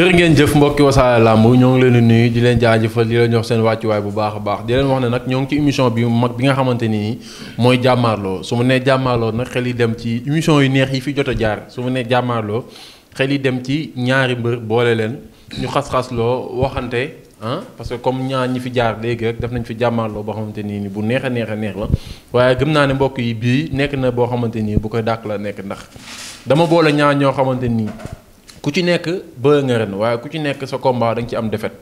jërë ngeen jëf mbokki wasaare làmb ñoo ngi leen di nuyu di leen jaajëfal di leen jox seen wàccuwaay bu baax a baax di leen wax ne nag ñoo ngi ci émission bi mag bi nga xamante ni mooy jàmmaarloo su ma nee jàmmaarloo nag xel yi dem ci émission yu neex yi fi jot a jaar su mu nee jàmmaarloo yi dem ci ñaari mbër boole leen ñu xas-xasloo waxante ah parce que comme ñaar ñi fi jaar léegi rek def nañ fi jàmmaarloo boo xamante nii ni bu neex a neex a neex la waaye gëm naa ne mbokk yi bii nekk na boo xamante nii bu koy dàq la nekk ndax dama boole ñaar ñoo xamante nii ku ci nekk bëre ren waaye ku ci nekk sa combat da ci am defet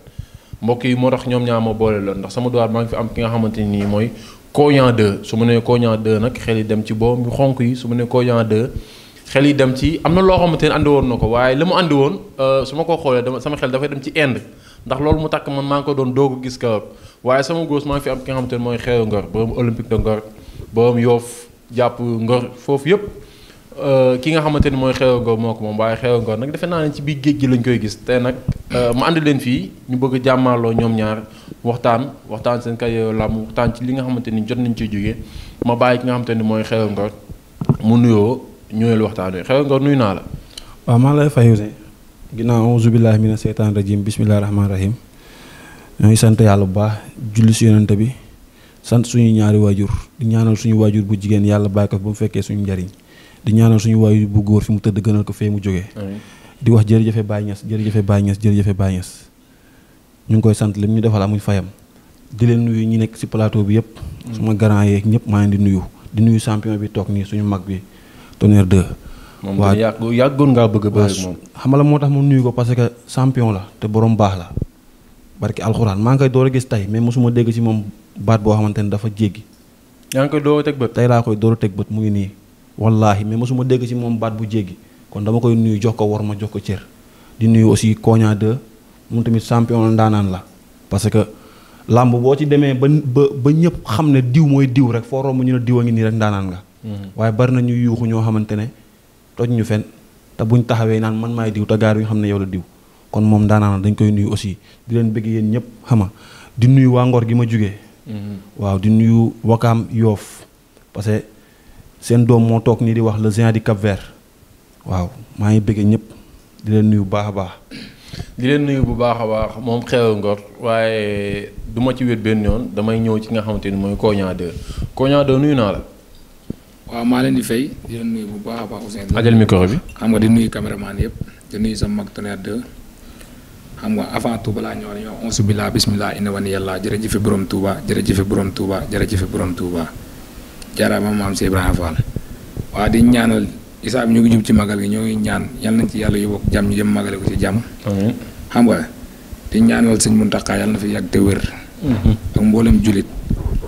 mbokk yi moo tax ñoom ñaa ma boole loon ndax sama doar maa ngi fi am ki nga xamante ni mooy Kognan su ma nee Kognan 2 nag xel yi dem ci boom bi xonk yi su ma nee Kognan xel yi dem ci am na loo xamante ne andi woon na ko waaye li mu andi woon euh, su ko xoolee dama sama xel dafay dem ci Inde ndax loolu mu takk man maa ngi ko doon doog gis kaw waaye sama góos maa ngi mooy xeeru Ngor borom Olympique de Ngor borom Yoff jàpp Ngor foofu yëpp. Euh, ki nga xamante ni mooy Xeweul Ngor moom waaye Xeweul Ngor nag defe naa ne ci biir géej gi lañ koy gis te nag euh, ma ànd leen fii ñu bëgg a jàmmaarloo ñoom ñaar waxtaan waxtaan seen kay làmb waxtaan ci li nga xamante ni jot nañ ci jógee ma bàyyi ki nga xamante ni mooy Xeweul Ngor mu nuyoo ñëweel waxtaan wi Xeweul Ngor nuyu naa la. waaw maa ngi lay fay Ouzin ginnaaw auzu billaahi mina seytaan rajim bismillaahi rahmaani rahim ñooy sant yàlla bu baax julli si yonante bi sant suñu ñaari waajur di suñu waajur bu jigéen yàlla bàyyi ko ba fekkee suñu njariñ di ñaanal suñu waay bu góor fi mu tëdd gënal ko fee mu jógee di wax jërëjëfe Baye Niass jërëjëfe Baye Niass jërëjëfe Baye ñu ngi koy sant lim ñu defal amuñ fayam di leen nuyu ñu nekk ci plateau bi yëpp mm. suma garan yeeg ñëpp maa ngi di nuyu di nuyu champion bi toog nii suñu mag bi Tonnerre de moom waaw yàgg yàggoon ngaa bëgg ba moom xam la moo tax mu nuyu ko parce que champion la te borom baax la barki alxuraan maa ngi koy door a gis tey mais mosuma dégg ci moom baat boo xamante ne dafa jéggi yaa ngi koy door a door teg bët mu ngi nii wallaahi mais mosuma dégg ci moom baat bu jéggi kon dama koy nuyu jox ko war ma jox ko cër di nuyu aussi Kogna 2 moom tamit champion ndaanaan la parce que làmb boo ci demee ba ba ba ñëpp xam ne diw mooy diw rek foo romb ñu ne diw a ngi nii rek ndaanaan nga. Mm-hmm. waaye bari na ñu yuuxu ñoo xamante ne toj ñu fen te buñ taxawee naan man maay diw te gaar yi xam ne yow la diw kon moom ndaanaan dañ koy nuyu aussi di leen bëgg yéen ñëpp xama di nuyu waa Ngor gi ma jugee. Mm-hmm. di nuyu Wakaam Yoof seen doom moo toog nii di wax la géant di Cap-Vert waaw maa ngi bëggee ñëpp di leen nuyu bu baax a baax. di leen nuyu bu baax a baax moom xew ngor waaye duma ci wét benn yoon damay ñëw ci nga xamante ni mooy Kogna 2 nuyu naa la. waaw maa leen di fey di leen nuyu bu baax a baax Ousseyn. ajal micro bi. xam nga di nuyu caméraman yëpp di nuyu sama mag tonnerre 2 xam nga avant tout balaa ñoo ñëw on subila bisimilah yàlla jërëjëfe borom Touba jërëjëfe borom Touba jërëjëfe borom Touba. jaaraama maam si Ibrahima Fall waa di ñaanal isaab ñu ngi jub ci magal gi ñoo ngi ñaan yal nañ ci yàlla yóbbu jàmm ñu jëm magale ko ci jàmm xam nga di ñaanal sëñ Muntaxa yàlla na fi yàgg te wér mhm. ak mboolem julit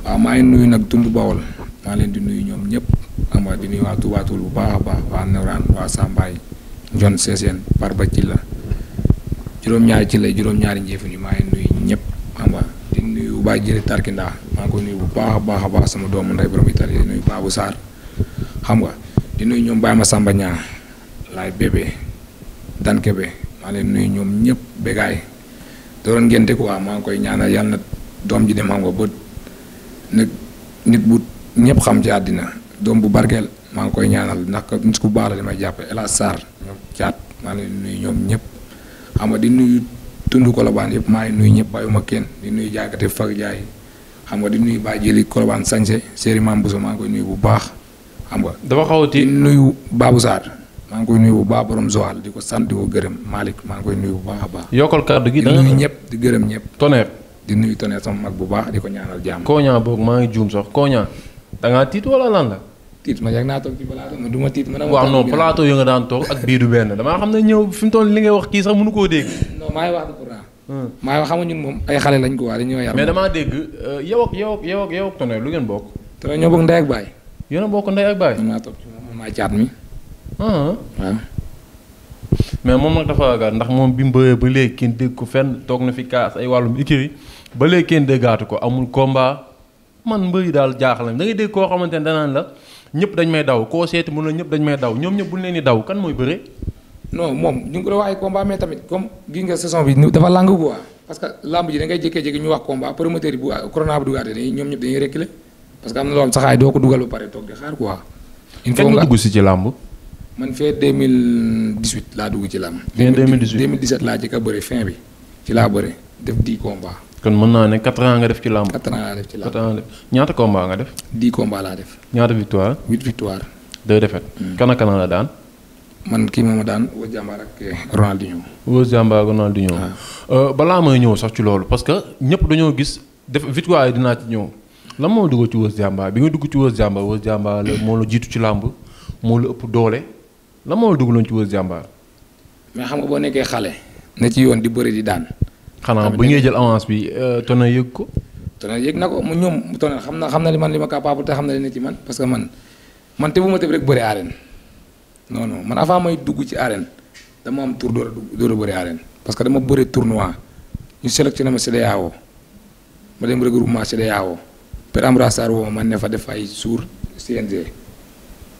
waaw maa nuyu nag dund Bawol maa leen di nuyu ñoom ñëpp xam di nuyu waa tubaatul bu baax a baax waa Newraan waa Sambaay Njon Seeseen Barba ci la juróom-ñaari ci la juróom-ñaari njeefin yi maa nuyu ñëpp xam bu baax jëlee Tarkinda maa ngi koy nuyu bu baax a baax a baax sama doomu ndey borom Italie di nuyu Babou saar xam nga di nuyu ñoom Baye Massamba Niang laay bébé Dankebe maa leen nuyu ñoom ñëpp bégaay doon ngénte quoi maa ngi koy ñaanal yàlla na doom ji dem xam nga nit bu ñëpp xam ci àddina doom bu barkeel maa ngi koy ñaanal ndax nit ku baax la damay jàpp El Hadj Sarr ñoom caat maa leen nuyu ñoom ñëpp xam nga di nuyu. tund kolobaan yëpp maa ngi nuyu ñëpp bàyyuma kenn di nuyu jaagate fag jaay xam nga di nuyu baa jëli kolobaan sañse séeri maam Bousso maa ngi koy nuyu bu baax xam nga dafa xaw di nuyu Babou Sarr maa ngi koy bu baax borom Joal di ko sant di ko gërëm Malick maa ngi koy nuyu bu baax a baax yokkal kàddu gi di nuyu ñëpp di gërëm ñëpp Tonnerre di nuyu Tonnerre sama mag bu baax di ko ñaanal jàmm Koña boog maa ngi juum sax kooñaa da ngaa tiit wala lan tiit ma yàgg toog ci plateau ma du ma tiit. ma ne ma waaw non plateau yu nga daan toog ak bii du benn damaa xam ne ñëw fi mu li ngay wax kii sax mënu koo dégg. non maa ngi wax de pourtant. Hmm. maa moom ay xale lañ ko waa dañoo yar. mais damaa dégg euh, yow ak yow ak yow ak yow ak Tonnerre lu ngeen bokk. Tonnerre ñoo bokk ndey a bokk ndey ak baay. maa toog ci moom maa hmm. mais moom nag dafa gàtt ndax moom bi mu ba léegi kenn dégg ko fenn toog na fi kaas ay wàllum ikiri ba léegi kenn déggaatu ko amul combat man mbëri daal jaaxal na da dégg koo xamante ne danaan la ñëpp dañ may daw koo seeti mun na ñëpp dañ may daw ñoom ñëpp buñ leen di daw kan mooy bëre. non moom ñu ngi ko doon wax ay combat tamit comme gi nga saison bi dafa làng bu parce que lamb ji da ngay jékkee-jékki ñu wax combat promoteur bu corona bu dugaatee dañuy ñoom ñëpp dañuy reculer parce que am na loolu saxaay doo ko dugal ba pare toog di xaar quoi. il faut dugg si ci lamb. man fee 2018 laa dugg ci fin 2018 2017 laa jëkk a bëri fin bi ci laa bëri def 10 combat kon mën naa ne 4 nga def ci làmb. 4 ans laa def ñaata combat nga def. di combat laa def. ñaata victoire. 8 victoire. 2 défaites. Hmm. kan ak la daan. man kii moom daan Wos Jàmbaar eh, ak Ronaldinho. Wos Jàmbaar Ronaldinho. balaa may ñëw sax ci loolu parce que ñëpp dañoo gis def victoire yi dinaa ci ñëw lan moo dugg ci Wos Jàmbaar bi nga dugg ci Wos Jàmbaar Wos moo la jiitu ci làmb moo la ëpp doole la moo la dugg loon ci Wos Jàmbaar. mais xam nga boo nekkee xale. ne ci yoon di bëri di daan. xanaa bu ñuy jël avance bi euh, Tonnerre yëg ko. Tonnerre yëg na ko mu ñoom Tonnerre xam na xam na li man li ma capable te xam na li ne ci man parce que man man te bu ma tëb rek bëri arène non non man avant may dugg ci arène dama am tour door a dugg door a bëri arène parce que dama bëri tournoi ñu sélectionné ma CEDEAO ma dem regroupement CEDEAO Père Ambra Sarr woo man ne fa def ay suur CNG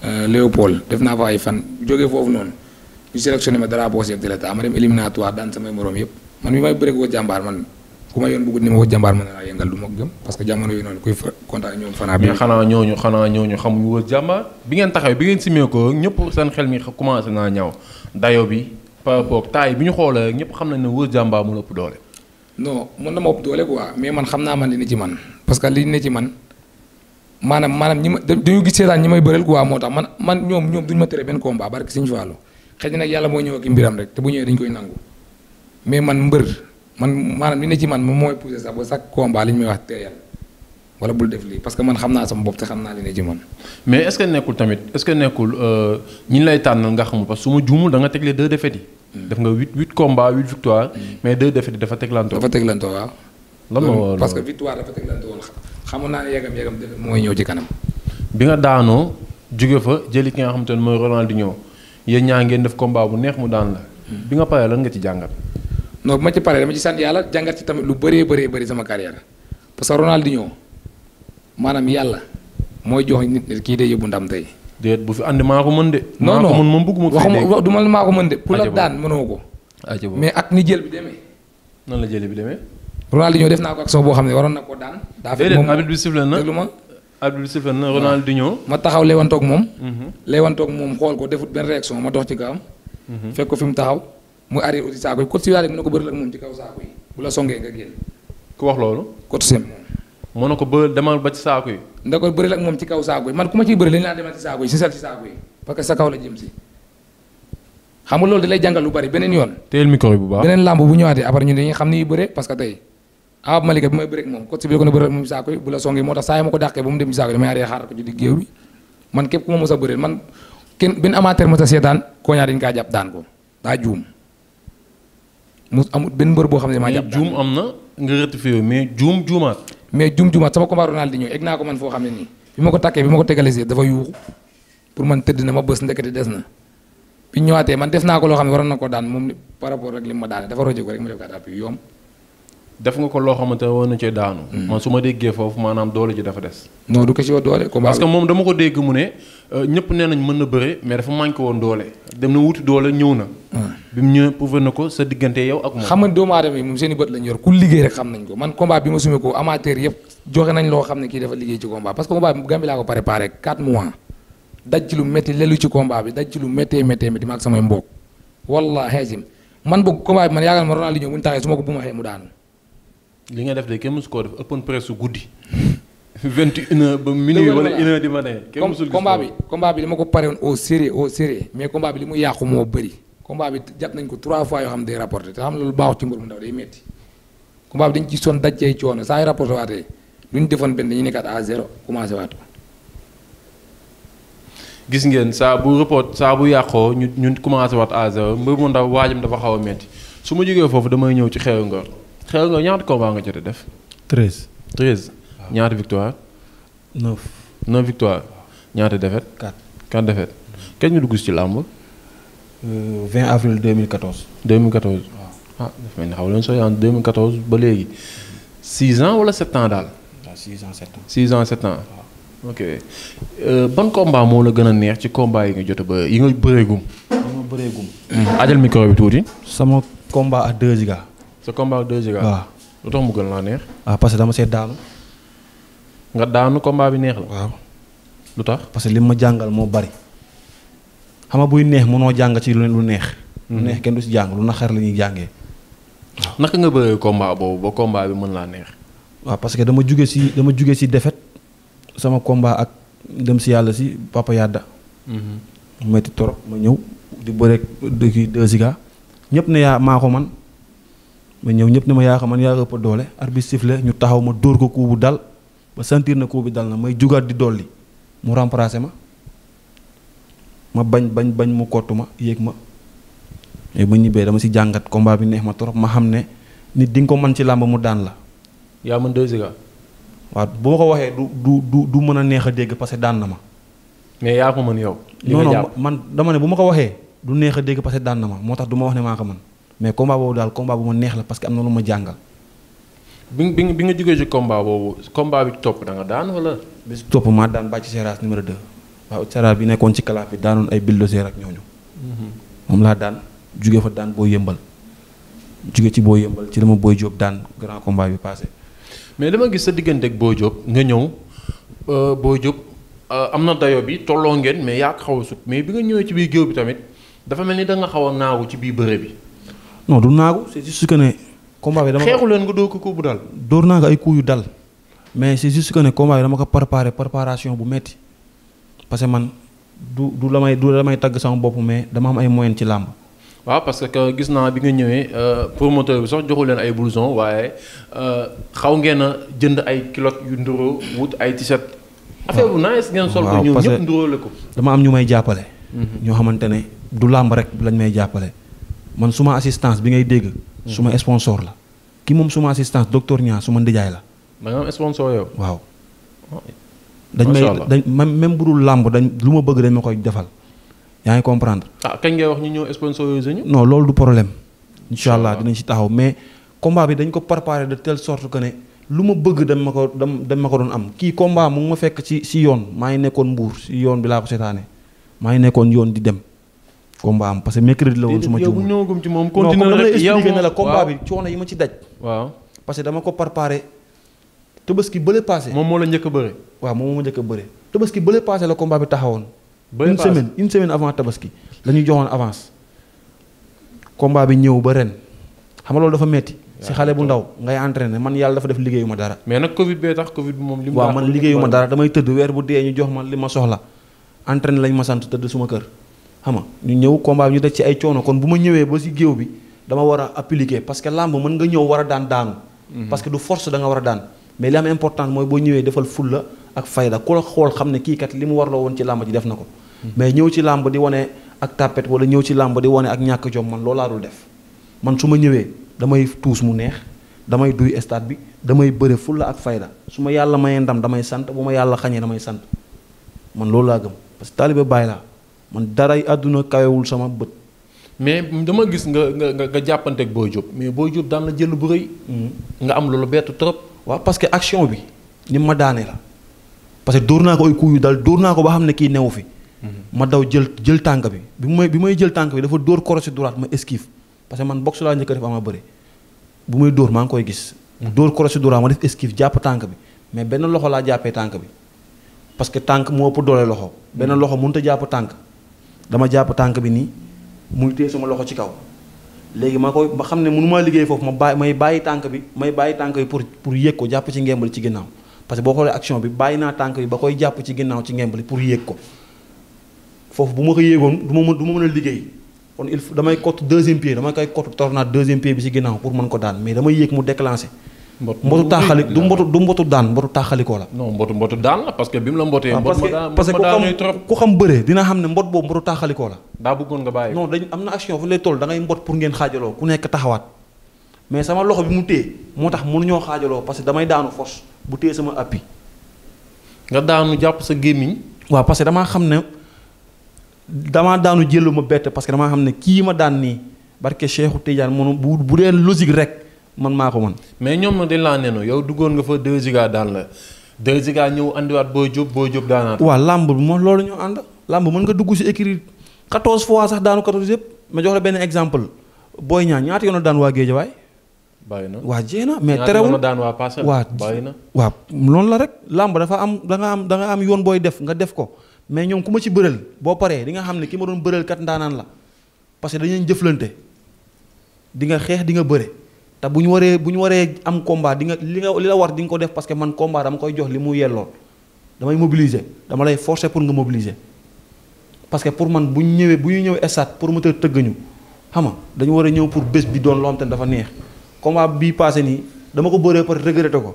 euh, Léopold def naa fa ay fan jógee foofu noonu ñu sélectionné a drapeau chef de l'État ma dem éliminatoire daan moroom yëpp. man mi may bëre ko jàmbaar man ku ma yoon bëgg ni ma ko jàmbaar mën naa yëngal du ma gëm parce que jamono yi noonu kuy kontaan ñoom fanaa bi mais xanaa ñooñu xanaa ñooñu xamuñu woon jàmbaar bi ngeen taxawee bi ngeen simee ko ñëpp seen xel mi commencé naa ñaw dayo bi par rapport taay bi ñu xoolee ñëpp xam nañ ne wër jàmbaar mu ëpp doole non mën na ma ëpp doole quoi mais man xam naa man li ne ci man parce que li ne ci man maanaam maanaam ñi ma dañu gis seetaan ñi may moo tax man man ñoom ñoom duñu yàlla moo ñëw ak mbiram rek te bu ñëwee dañ koy nangu mais man mbër man maanaam li ne ci man moom mooy poussé sax ba chaque combat li ñu may wax teeyal wala bul def lii parce que man xam naa sama bopp te xam naa li ne ci man. mais est-ce que nekkul tamit est-ce nekkul euh, ñi lay tànnal nga xamul parce que su ma juumul da nga tegle deux défaites hmm. def nga huit huit combats huit hmm. mais deux défaites yi dafa teglantoo. dafa teglantoo waaw. lan moo parce que victoire dafa teglantoo woon xamoon naa ne yegam yegam défaite mooy ñëw ci kanam. bi nga daanoo jóge fa jëli ki nga xamante ne mooy Ronaldinho yéen ñaa ngeen def combat bu neex mu daan la. Hmm. bi nga paree lan nga ci jàngat. non bu ma ci paree dama ci sant yàlla jàngat ci tamit lu bëree bëree bëri sama carrière parce que Ronaldinho maanaam yàlla mooy jox nit nit kii day yóbbu ndam tey. déet bu fi ànd maa ko mën de. non non ma maa ko mën la daan mënoo ko. mais boo xam ne waroon na ko daan. daa fekk moom ma. arbitre bi sifflé na Ronaldinho. ma taxaw leewantoog moom. Mhm. leewantoog moom xool ko defut benn réaction ma dox ci gaam. Mhm. fekk ko fi taxaw. muy arrière aussi saako yi cote si waale mën na ko bëri ak moom ci kaw saako yi bu la songee nga génn. ku wax loolu. cote sem moom. na ko bëri demal ba ci saako yi. nda ko bëri ak moom ci kaw saako yi yoon. téyel micro yi bu baax beneen làmb bu que tey Awa Malika bi may bëre ak la songee moo tax saa yi ma ko dàqee ba mu dem ci saako yi damay arrière xaaral ko ci digg géew bi man képp ku ma mos a bëreel man kenn benn amateur mos a seetaan koo ñaar dañ jàpp daan ko daa juum mu amul benn mbër boo xam ne maa jàpp juum am na nga rectifié mais juum juumaat mais juum juumaat sama combat Ronaldinho egg naa ko man foo xam ne nii bi ma ko takkee bi ma ko tegalisee dafa yuuxu pour man tëdd na ma bës ndekete des na bi ñëwaatee man def naa ko loo xam ne waroon na ko daan moom par rapport ak li ma daane dafa roje ko rek ma def kaa bi yomb def nga ko loo xamante ne war na cee daanu. Mm-hmm. man su ma déggee foofu maanaam doole ji dafa des. non du ko ci doole. parce moom dama ko dégg mu ne euh, ñëpp nee nañ mën na bëre mais dafa manqué woon doole dem na wuti doole ñëw na. bi mu ñëwee prouvé na ko sa diggante yow ak moom. xam nga doomu aadama yi moom seen i bët lañ yor ku liggéey rek xam nañ ko man combat bi ma sumé ko amateur yëpp joxe nañ loo xam ne kii dafa liggéey ci combat parce que combat bi Gambie laa ko préparé 4 mois daj ci lu métti lelu ci combat bi daj li nga def de kenn mësu koo def open press su guddi. 21 heures ba minuit wala 1 heure du matin. kenn mësul gis combat bi combat bi dama ko pare woon au sérieux au sérieux mais combat bi li mu yàqu moo bëri. combat bi jàpp nañ ko trois fois yoo xam day rapporté te xam lu baaxul ci mbir mu ndaw day metti combat bi dañ ci soon daj cee coono saa yu rapporté waatee lu ñu defoon benn ñu nekkaat à zéro commencé waat ko. gis ngeen saa bu report saa bu yàqoo ñu ñu commencé waat à zéro mbir mu ndaw waajam dafa xaw a metti su ma jógee foofu damay ñëw ci xeeru Ngor. xew nga ñaata combat nga jot a def. treize. treize ñaata victoire. neuf. neuf victoire ñaata défaite. quatre quatre défaite. Mm-hmm. ken nga dugg ci làmb. 20 euh, avril 2014. 2014 waaw ah dafa mel ni xaw leen sooy en 2014 ba léegi 6 ans wala 7 daal. waaw 6 ans 7 ans. 6 ans 7 ok euh, ban combat moo la gën a neex ci combat yi nga jot a ba yi nga bëreegum. yi nga bëreegum. ajal micro tuuti. sama combat ak deux gars. sa combat ak 2 Giga. waaw lu tax ah, parce que dama see daanu. nga daanu bi neex lu tax. parce que li ma jàngal moo bari. xam nga buy neex mënoo jàng ci lu neex. lu mhm. neex kenn du si jàng lu naxar la ñuy jàngee. waaw nga bëree combat boobu bi mën laa neex. waaw parce que dama jugee si dama jugee si défaite sama combat ak dem si yàlla si Papa Yada. Mhm. metti torop ma ñëw di bëreeg kii 2 Giga ne yaa maa ko man ma ñëw ñëpp ne ma yaa xam man yaa ëpp doole arbitre sifflé ñu taxaw ma dóor ko coup dal ba sentir na coup bi dal na may jugaat di dolli mu remplacé ma ma bañ bañ bañ mu kottu ma yéeg ma mais bu ñibbee dama si jàngat kombaa bi neex ma trop ma xam ne nit di nga ko mën ci làmb mu daan la. yaa mën deux Giga. waa bu ma ko waxee du du du du mën a neex a dégg parce que daan na ma. mais yaa ko mën yow. li non non man dama ne bu ma ko waxee du neex a dégg parce que daan na ma moo tax du ma ne maa ko mën. mais combat boobu daal combat bu ma neex la parce que am na lu ma jàngal. bi bi nga jógee ci combat boobu combat bi topp da nga daan wala. bis topp maa daan bàcc séeraas numéro 2 waaw séeraas bi nekkoon ci kalaaf bi daanoon ay bulldozer ak ñooñu. Mhm. moom laa daan jóge fa daan boo yëmbal. jóge ci boo yëmbal ci la ma booy Diop daan grand combat bi passé. mais dama gis sa diggante ak boo Diop nga ñëw euh, boo Diop euh, am na dayo bi tolloo ngeen mais yaa xaw a sut mais bi nga ñëwee ci biir géew bi tamit dafa mel ni da xaw a naawu ci biir bëre bi. non du naagu c' est juste que ne. combat bi dama xeexu ko coup bu ne combat bi dama ko préparé préparation bu metti parce que man du du la may du la tagg sama bopp mais dama am ay moyen ci làmb. waaw parce que gis naa bi nga ñëwee euh, promoteur bi sax joxu leen ay blouson waaye euh, xaw ngeen a jënd ay culottes yu nduroo wut ay t-shirt. affaire bu nice ngeen sol ko ñoom ñëpp nduróole ko. dama am ñu may jàppale. Mhm. ñoo xamante ne du làmb rek lañ may jàppale. man suma assistance bi ngay dégg. suma hmm. sponsor la. ki moom suma assistance doctor Niang suma ndijaay la. da nga waaw. Oh. dañ may dañ même bu dul làmb dañ lu ma bëgg dañ ma koy defal. yaa ngi comprendre. ah kañ ngay wax ñu ñëw sponsorisé ñu. non loolu du problème. incha allah dinañ ci taxaw mais combat bi dañ ko préparé de telle sorte que ne lu ma bëgg dañ ma ko dañ ma ko doon am kii combat mu ma fekk ci si yoon maa ngi nekkoon mbuur si yoon bi laa ko seetaane maa ngi nekkoon yoon di dem. combat am parce que mercredi la woon su ma jiw ñëwagum combat bi yi ma ci daj. parce que dama ko préparé tabaski bële passé. moom moo la njëkk a bëre. waaw moom moo njëkk a bëre tabaski bële passé la combat bi taxawoon. une semaine une semaine avant tabaski la joxoon avance. combat bi ñëw ba ren xam nga loolu dafa metti si xale bu ndaw ngay entraîné man yàlla dafa def liggéeyu ma dara. mais nag Covid bee tax Covid bi moom. li man liggéeyu ma dara damay tëdd weer bu dee ñu jox man li ma soxla entraîné lañ ma sant tëdd suma kër xam nga ñu ñëw combat bi ñu daj ci ay coono kon bu ma ñëwee ba si géew bi dama war a appliquer parce que làmb mën nga ñëw war a daan daanu. Mhm. parce que du force da nga war a daan. mais li am important mooy boo ñëwee defal fulla ak fayda ku la xool xam ne kii kat li mu warloo woon ci làmb ji def na ko. Mhm. mais ñëw ci làmb di wane ak tapet wala ñëw ci làmb di wane ak ñàkk jom man loolaa dul def man su ma ñëwee damay tuus mu neex damay duy stade bi damay bëre fulla ak fayda su ma yàlla mayee ndam damay sant bu ma yàlla xañee damay sant man loolu laa man daray àdduna kayewul sama bët. mais dama gis nga nga nga jàppante ak Boy Diop mais Boy Diop daan la jël bu rëy. Mm-hmm. nga am loolu bett trop. waaw parce que action bi ni ma daane la parce que dóor naa ko ay coups dal dóor naa ko ba xam ne kii newu fi. Mm-hmm. ma daw jël jël tànk bi bi may bi may jël tànk bi dafa dóor crochet droite ma esquive parce que man boxe laa njëkk a def ama bëri bu may dóor maa ngi koy gis. mu mm-hmm. dóor crochet droite ma def esquive jàpp tànk bi mais benn loxo laa jàppee tànk bi parce que tànk moo ëpp loxo. benn loxo mënut jàpp tànk. dama jàpp tànk bi nii muy téye suma loxo ci kaw léegi ma koy ba xam ne mënu maa liggéey foofu ma bàyyi may bàyyi tànk bi may bàyyi tànk bi pour pour yéeg ko jàpp ci ngembali ci ginnaaw parce que boo xoolee action bi bàyyi naa tànk bi ba koy jàpp ci ginnaaw ci ngembali pour yéeg ko foofu bu ma ko yéegoon du ma mën a liggéey kon il faut damay cotte deuxième pied damay koy cotte tornaat deuxième pied bi ci ginnaaw pour mën ko daan mais dama yéeg mu déclenché mbotu taaxali du mbotu du mbotu daan mbotu taaxalikoo la. non mbotu mbotu daan la parce que bi mu la mbotee. Ah, mbot ma ku xam bëre dina xam ne mbot boobu mbotu taaxalikoo la. daa bëggoon nga bàyyi non dañ am na action fu lay toll da ngay mbot pour ngeen xaajaloo ku nekk taxawaat mais sama loxo bi mu téye moo tax mënuñoo xaajaloo parce que damay daanu force bu téye sama appui. nga daanu jàpp sa gémmiñ. waaw parce que damaa xam ne damaa daanu jëlu ma bett parce que damaa xam ne kii ma daan nii barke Cheikhou Tidiane mënu bu bu dee logique rek man maa ko mën. mais ñoom dañ laa nenu yow duggoon nga fa 2 giga daan la 2 ñëw andiwaat boo jub boo jub daanaat. waa làmb bi moom loolu ñu ànd làmb mën nga dugg si écrit 14 fois sax daanu 14 yëpp ma jox la benn exemple booy ñaan ñaata yoon daan waa géej waay. bàyyi na waa jéem na mais terewul daan waa passé waa bàyyi na waaw loolu la rek làmb dafa am da am da am yoon booy def nga def ko mais ñoom ku ma ci bëreel boo paree di nga xam ne ki ma doon bëreel kat ndaanaan la parce que dañuy jëflante di nga xeex di nga bëre te bu ñu waree bu ñu waree am combat di nga li nga li la war di nga ko def parce que man combat dama koy jox li mu yelloon damay mobiliser dama lay forcer pour nga mobiliser. parce que pour man bu ñëwee bu ñu ñëw stade promoteur tëgg ñu xam nga dañu war a ñëw pour bés bi doon loo xam te dafa neex combat bii passé nii dama ko bëree par regretté ko.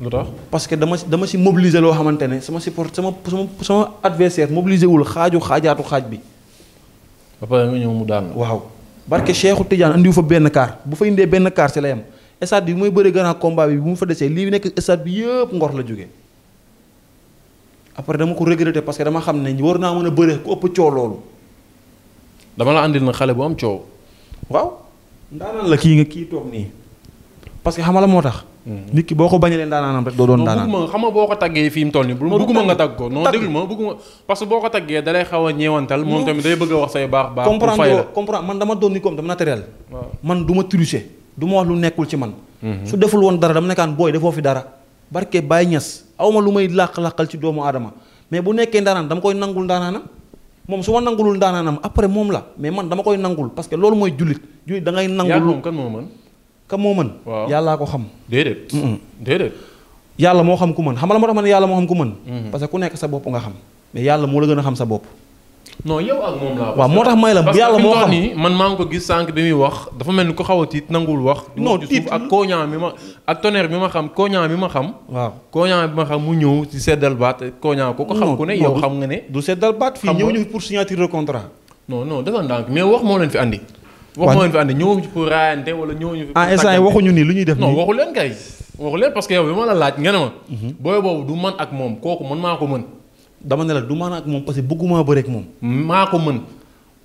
lu tax parce que dama si dama si mobiliser loo xamante ne sama support sama sama sama adversaire mobiliser wul xaaju xaajaatu xaaj bi. ba pare ñëw mu daan waaw. barke Cheikhou Tidiane andiwu fa benn kaar bu fa indee benn kaar si la yem stade bi mooy bëri grand combat bi bu mu fa desee lii nekk stade bi yëpp ngor la jógee après dama ko regretté parce que dama xam ne war naa mën a bëre ku ëpp coow loolu. dama la andil xale bu am coow. waaw ndaanaan la kii nga kii toog nii parce que xamala moo tax Mm-hmm. nit ki boo ko bañalee ndaanaanam rek doo doon ndaanaan non bëgguma xam nga boo ko taggee fii mu toll nii bu nga tagg ko non a ñeewantal moom a wax ma tricher du ma lu nekkul ci man mm-hmm. su deful woon dara dama nekkaan booy defoo fi dara barke Baye Niass awma lu may làq-làqal ci doomu aadama mais bu nekkee ndaanaan dama koy nangul ndaanaanam moom su ma nangulul ndaanaanam après moom la mais man dama koy nangul parce que loolu mooy jullit jullit da nangul moo ka moo man waaw yàllaa ko xam. déedéet. déedéet. yàlla moo xam ku mën xamala moo tax ma ne yàlla moo xam ku mën. Mm-hmm. parce que ku nekk sa bopp nga xam mais yàlla moo la gën a xam sa bopp. non waaw moo tax may la yàlla moo xam nii man maa ngi ko gis sànq wax dafa ni ku xaw a tiit nanguwul wax. non tiit ak koñaa mi ma ak tonnerre bi ma xam koñaa bi ma xam. waaw koñaa bi ma xam mu ñëw ci seddal baat koñaa ko ko xam ku ne yow xam nga ne. du seddal baat fii ñëw ñu pour signature de contrat. non non dafa ndànk mais wax moo leen fi andi wax ma leen fi ànd ñëwuñu pour raayante wala ñëwuñu fi. ah instant waxuñu ni lu ñuy def nii non kay. waxu leen ma la laaj nga ne ma. Mhm. booy man ak moom kooku man maa ko mën. dama ne la du man ak moom parce que bëgguma bëre ak moom. maa ko mën.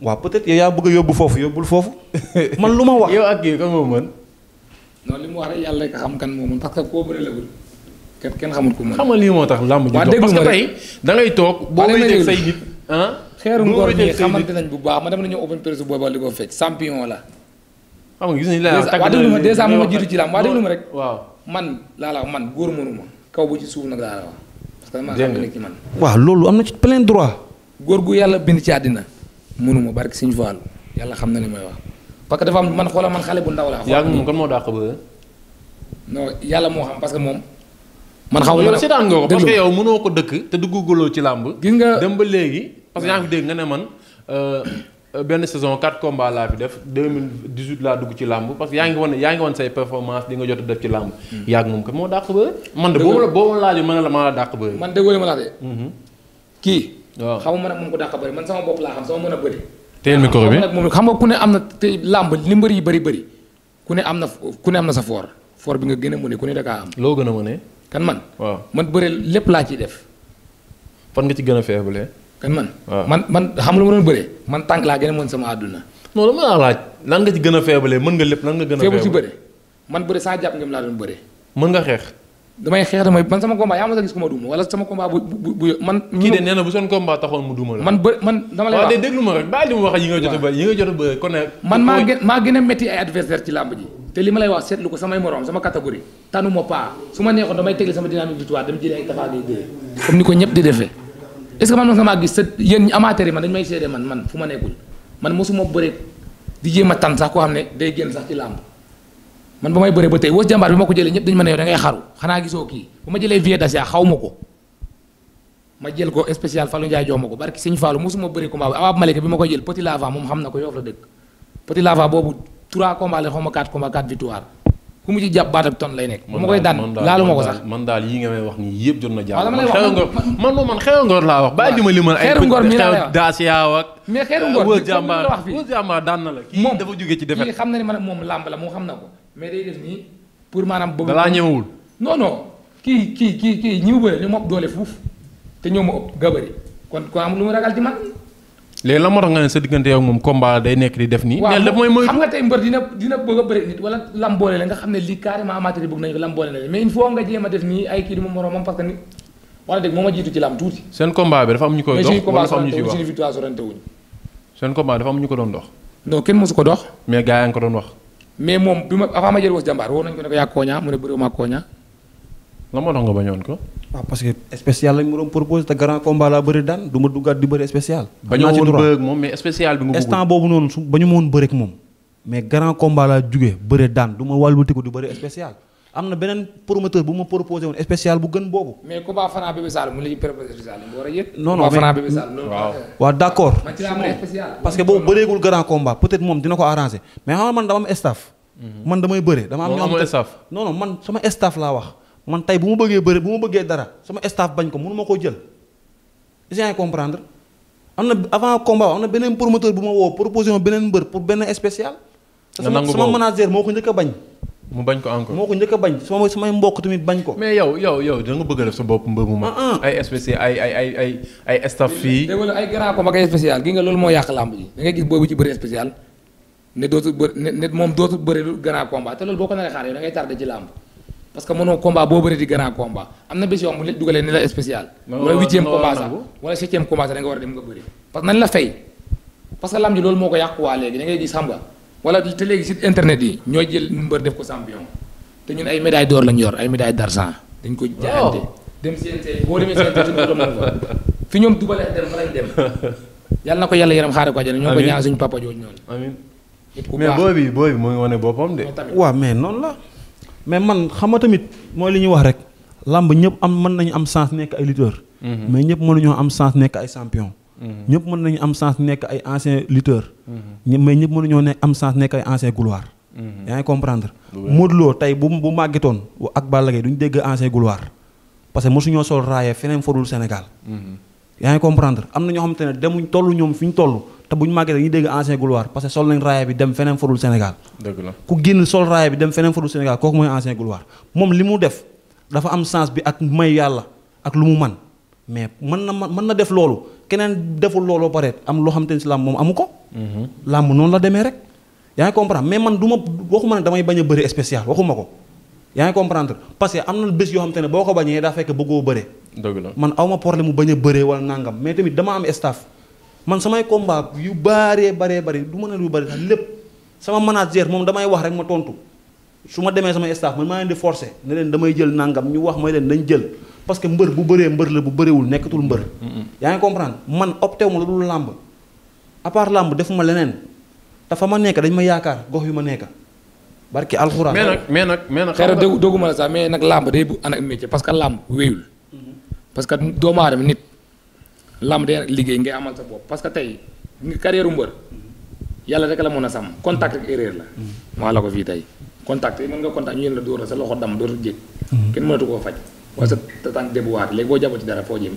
waaw peut-être yow yaa bëgg yóbbu foofu yóbbul foofu. man lu ma wax yow ak kii kan moo mën. non li mu wax yàlla ko kan parce que koo bëre la wul kenn kenn xamul ko mën. xam nga lii moo tax làmb ji. waaw dégg tey da ngay toog boo may teg say nit ah xeeru ngor ñi xamante nañ bu baax ma dem nañu open presse booba li ko fekk champion la. xam nga gis nañ la ma dèjà waa déglu ma man laa man góor mënu ma kaw ba ci suuf nag laa la wax. parce man xam ki man. waaw loolu am na ci plein droit. góor gu yàlla bind ci àddina. mënu ma barke suñu faalu yàlla xam na li may wax parce que dafa am man xoolal man xale bu ndaw laa. yaa ngi moom kan yàlla moo xam parce que moom man xaw ma seetaan nga ko parce que yow mënoo ko dëkk te dugguloo ci làmb. gis nga dem ba léegi. parce que yaa ngi dégg nga ne man euh, euh, benn saison 4 combats laa fi def 2018 laa dugg ci làmb parce que yaa ngi woon yaa ngi woon say performance di jot a def ci làmb. Hmm. yàgg moom kat moo dàq bëre. man de boobu la boobu la laajee dàq bëre. man déggoo li ma la hmm. kii. waaw xaw ma nag moom ko dàq bëre man sama bopp laa xam sama mën a bëri. teel bi moom xam nga ku ne am na te làmb yi bëri bëri ku ne am na ku ne na sa foor foor bi nga gën a mëne ku ne da loo gën a mëne kan man. waaw man bëre lépp laa ciy def. fan nga ci gën a faible. kan man. waaw man man xam lu ma doon bëree. man tànk laa gën a mën sama àdduna. non dama laa laaj. lan nga ci gën a feebalee mën nga lépp lan nga gën a. faible ci bëre man bëre saa jàpp ngeen laa doon bëree. mën nga xeex. damay xeex damay man sama combat yaa ma sa gis ku ma duuma wala sama combat bu bu bu man. kii de nee bu son combat taxoon mu duuma la. man bë man dama lay wax waaw ma rek baal di mu wax yi nga jot a bëri yi nga a bëri kon nag. a métti ay adversaire ci làmb ji li ma lay wax seetlu ko samay morom sama catégorie tànnu ma paa su ma neexoon damay tegle sama dynamique victoire dama jëlee ay taxaw di comme ni ko ñëpp di defee est ce que man man sama gis sa yéen amateurs yi man dañu may seede man man fu ma nekkul man mosuma bëre di jéem a tànn sax koo xam ne day génn sax ci làmb man ba may bëree ba tey wës jàmbaar bi ma ko jëlee ñëpp dañu ma ne kii ma jëlee ko ma jël ko spécial Fallou Ndiaye ma ko barki Sëñ Fallou mosuma bëri combat bi ma koy jël Petit Lava moom xam na la dëkk Petit Lava boobu 3 combats la ma 4 combats 4 victoire ku ci jàpp baat ma koy daan laalu ma ko sax man daal yi nga may wax nii yëpp jot na jàpp. man xeeru ngor man moom man xeeru ngor laa wax. bàyyi li ma limal ay xeeru Dacia ak. mais xeeru ngor bi dafa jóge ci defet kii xam na ni man moom làmb la moom xam na ko mais day def nii pour maanaam. boobu dalaa ñëwul. non non kii kii kii kii ñi mu bëre ñu mopp doole fuuf te ñoo ma ëpp gabari kon ko am lu mu ragal ci man. léegi la moo tax nga ne sa diggante yow moom combat day nekk di def nii. a bëri mais il a def nii ay kii du ma moromam parce moo ma jiitu ci lam tuuti. seen combat dafa am ñu ko doon dox. non kenn mosu ko dox. mais gars yaa ngi ko doon wax. mais moom bi ma avant ma jël was jàmbaar woo nañu ko ne ko yaa kooñaa mu ne bëriwu ma kooñaa. moo tax nga bañoon ko. waaw ah, parce que spécial lañ ma doon proposé te grand combat laa bëri daan du ma duggaat di bëri spécial. bañoo woon bëri ak moom mais spécial bi nga. instant boobu noonu su bañu ma woon moom mais grand combat laa jugee bëri daan du ma wàllu wëtiku di bëri spécial. am na beneen promoteur bu ma proposé woon spécial bu gën boobu. mais combat Franc Bébé a yëg. parce que boobu bëreegul grand combat peut être moom dina ko arrangé mais xam nga man dama am staff. Mhm. man damay bëre dama am. ñoo amul staff non man sama staff laa wax man tey bu ma bëggee bëri bu ma bëggee dara sama staff bañ ko mënu ma koo jël. est ce comprendre am na avant combat am na beneen promoteur bu ma woo proposé ma beneen mbër pour benn spécial. nga nangu sama manager moo ko njëkk a mu bañ ko encore moo ko njëkk a bañ sama samay mbokk tamit bañ ko. mais yow yow yow da nga bëgg a def sa bopp mbër mu mag. Ah, ah. ay spécial ay ay ay ay ay staff fii. dégg ay grand combat ay spécial gi nga loolu moo yàq làmb ji da ci bëri spécial ne dootul boo bëri di grand combat am na bés yoo bu ñu dugalee ne la spécial. wala huitième combat sax wala war a dem nga bëri parce que ji loolu moo ko yàq waa léegi gis xam nga wala te léegi site internet yi ñoo jël mbër def ko champion te ñun ay médaille d'or lañ yor ay médaille d'argent dañ ko oh. jaayante dem boo demee CNG suñu doom fa fi ñoom dubalee dem fa dem yàlla na ko yàlla yaram xaare ko àjjana ñoo ko ñaan suñu papa jooju noonu amiin mais boobi boobi mu ngi wane boppam de waaw mais noonu la mais man xam nga tamit mooy li ñuy wax rek làmb ñëpp am mën nañu am chance nekk ay lutteur mhm. mais ñëpp mënuñoo am chance nekk ay champion ñëpp mën nañu am chance nekk ay ancien lutteur mhm. mais ñëpp mënuñoo nekk am chance nekk ay ancien gloire mhm. yaa ngi comprendre Modou Lo tey bu bu màggitoon ak Balla Gaye duñ dégg ancien gloire parce que mosuñoo sol raaye feneen fodul Sénégal mhm. yaa ngi comprendre am na ñoo xamante ne demuñ toll ñoom fi ñu toll te bu ñu màggee dañuy dégg ancien gloire parce que sol nañ raaya bi dem feneen fodul Sénégal dëgg la ku génn sol raaya bi dem feneen fodul Sénégal kooku mooy ancien gloire moom li mu def dafa am chance bi ak may yàlla ak lu mu man mais man na mën na def loolu keneen deful loolu ba am loo xam te ne si làmb moom amu ko. Mhm. làmb noonu la demee rek. yaa ngi comprendre mais man du ma waxuma ne damay bañ a bëri spécial waxuma ko yaa ngi comprendre parce que am na bés yoo xam te ne boo ko bañee daa fekk bëggoo bëre. dëgg la man aw ma problème mu bañ a bëree wala nangam mais tamit dama am staff man samay combat yu baaree baree bari du mën a lu bari lépp sama manager moom damay wax rek ma tontu su ma demee sama staff man maa leen di forcer damay jël nangam ñu wax ma leen dañ jël. parce que mbër bu bëree mbër la bu bëriwul nekkatul mbër. yaa ngi comprendre man opté ma lu dul làmb à làmb defuma leneen dafa ma nekk dañ ma yaakaar gox yu ma nekk barki alxuraan. mais nag mais nag mais nag. mais nag làmb day parce que làmb wéyul. Mm-hmm. parce que doomu aadama nit làmb liggéey ngay amal sa bopp parce que tey carrière mbër mm-hmm. yàlla rek la mën a sàmm contact ak erreur la. Mm-hmm. maa la ko fii tey contact yi mën nga contact ñu yéen la dóor la sa loxo dam dóor a jég. kenn mënatu koo faj. wala sa tànk débuwaat léegi boo jàppati dara foo jëm.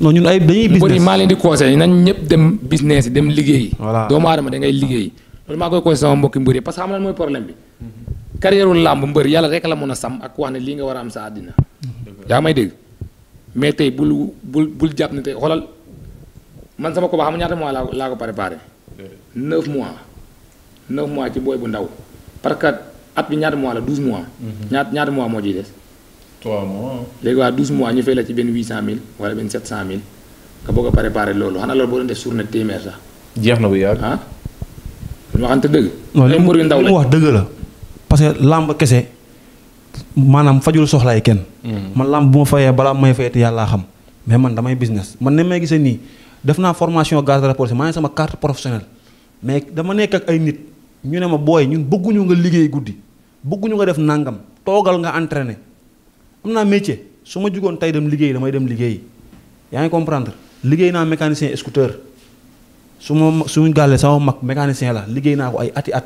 non ñun ay dañuy business mbir maa leen di conseillé nañ ñëpp dem business yi dem liggéeyi. voilà doomu aadama da ngay liggéeyi. loolu maa koy conseillé sama mbokki mbër yi parce que xam lan mooy problème bi. carrière wu làmb mbër yàlla rek la mën a sam ak wax ne lii nga war a am sa àddina. yaa may dégg mais tey bul bul bul jàpp ne tey xoolal man sama ko ba xam ñaata mois laa ko laa ko préparé. 9 mois 9 mois ci booy bu ndaw parce que at bi ñaata la 12 mois. Mhm. ñaata ñaata mois moo ciy 3 mois. léegi waa 12 mois ñu fay la ci benn 800000 wala benn 700000 nga bëgg a préparer loolu xanaa loolu boo doon def journée téeméer sax. jeex na bu yàgg. ah ñu waxante dëgg. li mu li mu wax dëgg la. parce que làmb kese maanaam fajul soxlaay kenn. Hmm. man làmb bu ma fayee balaa may fayati yàllaa xam. mais man damay business man ni may gise nii def naa formation garde de rapport maa ngi sama carte professionnelle mais dama nekk ak ay nit ñu ne ma booy ñun bëgguñu nga liggéey guddi bëgguñu nga def nangam toogal nga entraîner. am naa métier su ma jugoon tey dem liggéey damay dem liggéey yaa ngi comprendre liggéey naa mécanicien scooter su ma suñu gàllee sama mag mécanicien la liggéey naa ko ay ati at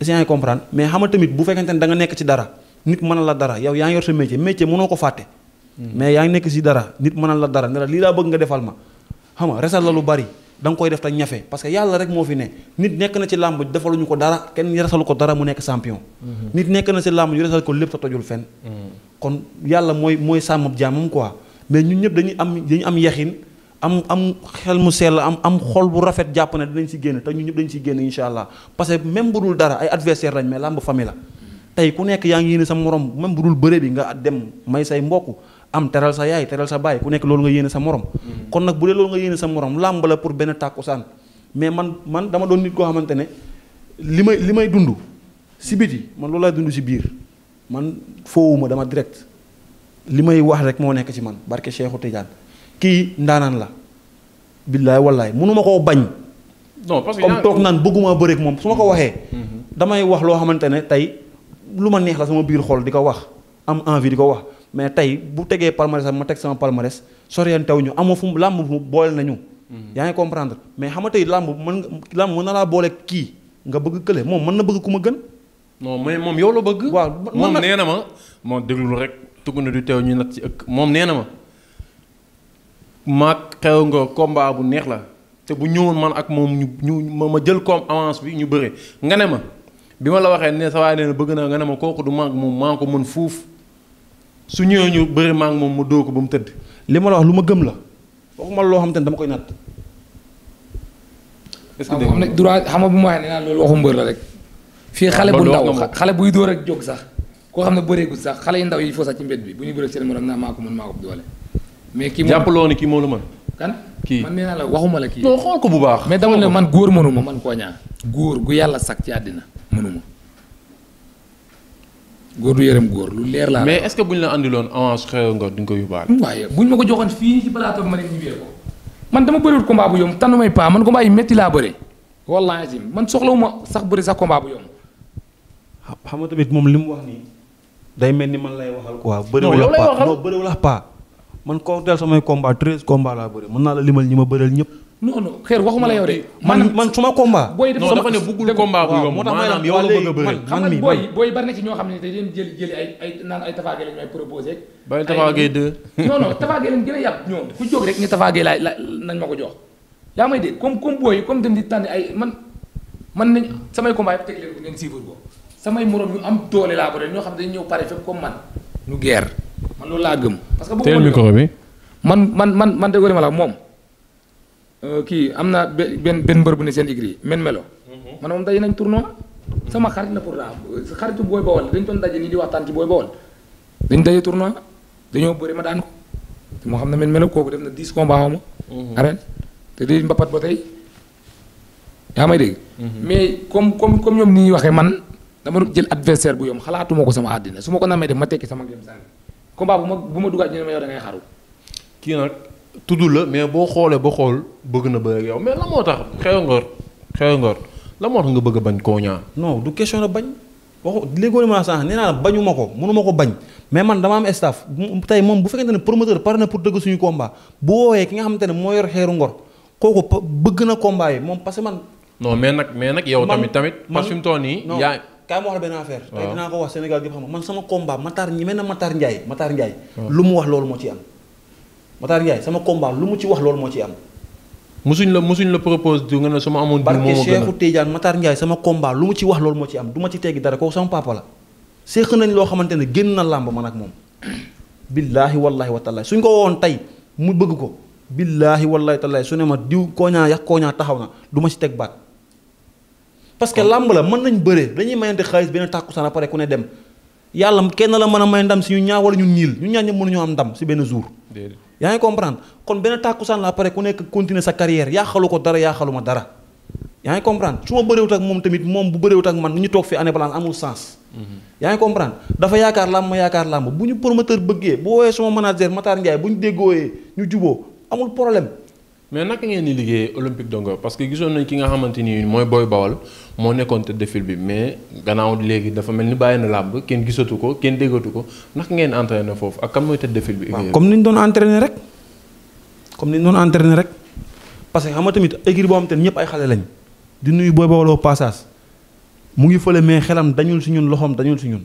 est-ce que comprendre mais xam nga tamit bu fekkente ni danga nekk ci dara nit mënal la dara yow yaa ngi yor sa métier métier mënoo ko fàtte hmm. mais yaa ngi nekk si dara nit mënal la dara ne lii laa bëgg nga defal ma xam nga resal la lu bari da nga koy def te ñafe parce yàlla rek moo fi ne nit nekk na ci làmb defaluñu ko dara kenn resalu ko dara mu nekk champion hmm. nit nekk na ci kon yàlla mooy mooy sàmm jaamam quoi mais ñun ñëpp dañuy am dañu am yaxin am am xel mu sell am am xol bu rafet jàpp ne dinañ si génn te ñu ñëpp dañu si génn incha allah parce que même bu dul dara ay adversaire lañ mais làmb famille la tey ku nekk yaa ngi yéene sa morom même bu dul bëre bi nga dem may say mbokk am teral sa yaay teral sa baay ku nekk loolu nga yéene sa morom mm-hmm. kon nag bu dee loolu nga yéene sa morom làmb la pour benn saan mais man man dama doon nit koo xamante ne li may li may dund si biti man loolu laay dund si biir man foowuma dama direct li may wax rek moo nekk ci man barke Cheikhou Tidiane kii ndaanaan la billaay wallaay mënuma koo bañ. non parce que comme toog naan bëgguma bëreek moom su ma ko waxee. Mm-hmm. damay wax loo xamante ne tey lu ma neex la sama biir xol di ko wax am envie di ko wax mais tey bu tegee palmarès ma teg sama palmarès soriantew ñu amoo fu làmb fu boole nañu. Mm-hmm. yaa ngi comprendre mais xam nga tey làmb mën nga làmb mën na laa boole kii nga bëgg kële moom mën na bëgg ku ma gën. non mais moom yow la bëgg. waaw moom nee na ma moom déglu rek tugg na du teew ñu nat ci ëkk moom nee na ma maag xew nga combat bu neex la te bu ñëwoon man ak moom ñu ñu ma ma jël comme avance bi ñu bëre nga ne ma bi ma la waxee ne sa waay na bëgg naa nga ne ma kooku du maag moom maa ko mën fuuf su ñëwee ñu bëri maag moom mu doo ko ba mu tëdd. li ma la wax lu ma gëm la mal loo xam te dama koy natt. est-ce que xam ne droit xam nga bu ma waxee nee naa loolu waxu la rek. fii xale bu ndaw xale buy dóor ak jóg sax koo xam ne bëreegul sax xale yu ndaw yi foo sax ci mbedd bi bu ñu bëree seen morom naa maa ko mën maa ko mais kii jàppaloo ni kii moo la mën kan kii man nee la waxuma la kii non ko bu baax mais dama ne man góor mënuma man koo ñaa góor gu yàlla sak ci àddina mënuma góor du yërëm góor lu leer laa mais est-ce que bu ñu la andiloon avance xew nga duñ ko yóbbaale waaye bu ñu ma ko joxoon fii ci ma man dama bëriwul combat bu yomb tànn may paa man combat yi métti laa bëri wallaahi man soxlawuma sax bëri sax combat bu yomb xam nga tamit moom li mu wax nii day mel ni man lay waxal quoi. bëriwul ak paa non bëriwul ak paa man cocktail samay combat treize combat laa bëri mën naa la limal ñi ma bëreel ñëpp. non non xeer waxuma la yow de. man man suma combat. booy def dafa ne buggul combat bu yomb maanaam booy booy bari na ci ñoo xam ne dañu leen jël jëli ay ay naan ay tafaage lañ may proposé. bàyyi tafaage deux. non non tafaage lañ gën a yàpp ñoom ku jóg rek ñu tafaage laay la nañ ma ko jox. yaa may dégg comme comme booy comme dem di tànn ay man man nañ samay combat yëpp teg leen ko samay morom ñu am doole laa bëre ñoo xam ne dañu ñëw pare fépp comme man ñu geer man loolu laa gëm. parce que teel micro bi man man man man déggoo ma la moom euh, kii am na benn benn mbër bu ne seen igri men melo. Mhm. man moom daje nañ tournoi sama xarit na pour la xaritu booy bawol dañ daje nii di waxtaan ci booy bawol dañ daje tournoi dañoo bëri ma daan ko moo xam ne men melo kooku def na 10 combats xaw ma. Mhm. arène te di mbapat ba tey yaa may dégg. Mhm. mais comme comme ni ñuy waxee man. dama doon jël adversaire bu yom xalaatuma ko sama àddina su ma ko namee def ma tekki sama ngëm sànni combat bu ma bu ma duggaat ne ma yow da xaru. kii nag tudd la mais boo xoolee ba xool bëgg na bëgg ak yow mais moo tax xew ngor la moo tax nga bañ koo ñaan. non du question la bañ waxu léegoo ma sànq nee naa bañu ma ko mënu ma ko bañ mais man dama am staff tey moom bu fekkente ne promoteur pare na pour dëgg suñu combat bu woowee ki nga xamante ne moo yor xeeru ngor kooku bëgg na combat yi moom parce que man. non mais nag mais nag yow. tamit tamit parce que fi mu toll nii kaay ma wax la benn affaire. waaw tey dinaa ko wax Sénégal yëpp xam man sama combat Matar ñi mel ne Matar Ndiaye Matar lu mu wax loolu moo ci am. Matar Ndiaye sama combat lu mu ci wax loolu moo ci am. musuñ la musuñ la propose du nga ne su ma amoon. du moom Cheikhou Tidiane Matar Ndiaye sama combat lu wax loolu moo ci am du ma ci teggi dara kooku sama papa la. séq nañ loo xamante ne génn na làmb man ak moom. billaahi wallaahi wa taala suñ ko woon tey mu bëgg ko. billaahi wallaahi wa taala su ne ma diw kooñaa yax kooñaa taxaw na du ma ci teg baat parce que làmb la mën nañ bëre dañuy mayante xaalis benn tàkkusaan pare ku ne dem yàlla kenn la mën a may ndam si ñu ñaar ñu niil ñu ñaar ñëpp mënuñoo am ndam si benn jour yaa ngi comprendre kon benn tàkkusaan la pare ku nekk continuer sa carrière yaaxalu ko dara yaaxalu ma dara yaa ngi comprendre su ma bëréewut ak moom tamit moom bu bëréewut ak man nu ñu toog fi année blanche amul sens mm-hmm. yaa ngi comprendre dafa yaakaar làmb ma yaakaar làmb bu ñu promoteur mais naka ngeen di liggéey olympique de Ngor parce que gisoon nañ ki nga xamante ni mooy Boy Bawol moo nekkoon tête de bi mais gannaaw léegi dafa mel ni bàyyi na làmb kenn gisatu ko kenn déggatu ko naka ngeen entraîné foofu ak kan mooy tête de file bi. waaw comme ni ñu doon entraîné rek comme ni ñu doon rek parce que xam nga tamit équipe boo xam te ne ñëpp ay xale lañ di nuyu Boy Bawol au passage mu ngi fële mais xelam dañul si ñun loxoom dañul si ñun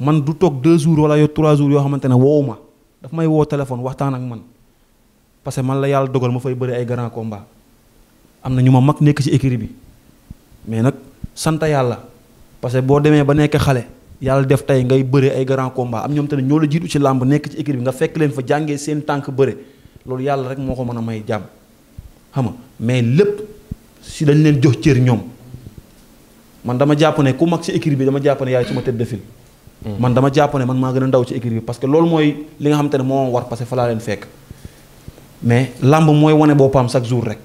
man du toog deux jours wala yow jours yoo xamante ne woowu ma daf may woo téléphone ak man. parce que man la yàlla dogal ma fay bëri ay grand combat am na ñu ma mag nekk ci écurie bi mais nag sant yàlla parce que boo demee ba nekk xale yàlla def tey ngay bëre ay grand combat am ñoom tamit ñoo la jiitu ci làmb nekk ci écurie bi nga fekk leen fa jàngee seen tànk bëre loolu yàlla rek moo ko mën a may jàmm xam nga mais lépp si dañ leen jox cër ñoom man dama jàpp ne ku mag ci écurie bi dama jàpp ne yaay suma tête hmm. man dama jàpp man maa gën a ndaw te ne moo war parce mais làmb mooy wane boppam chaque jour rek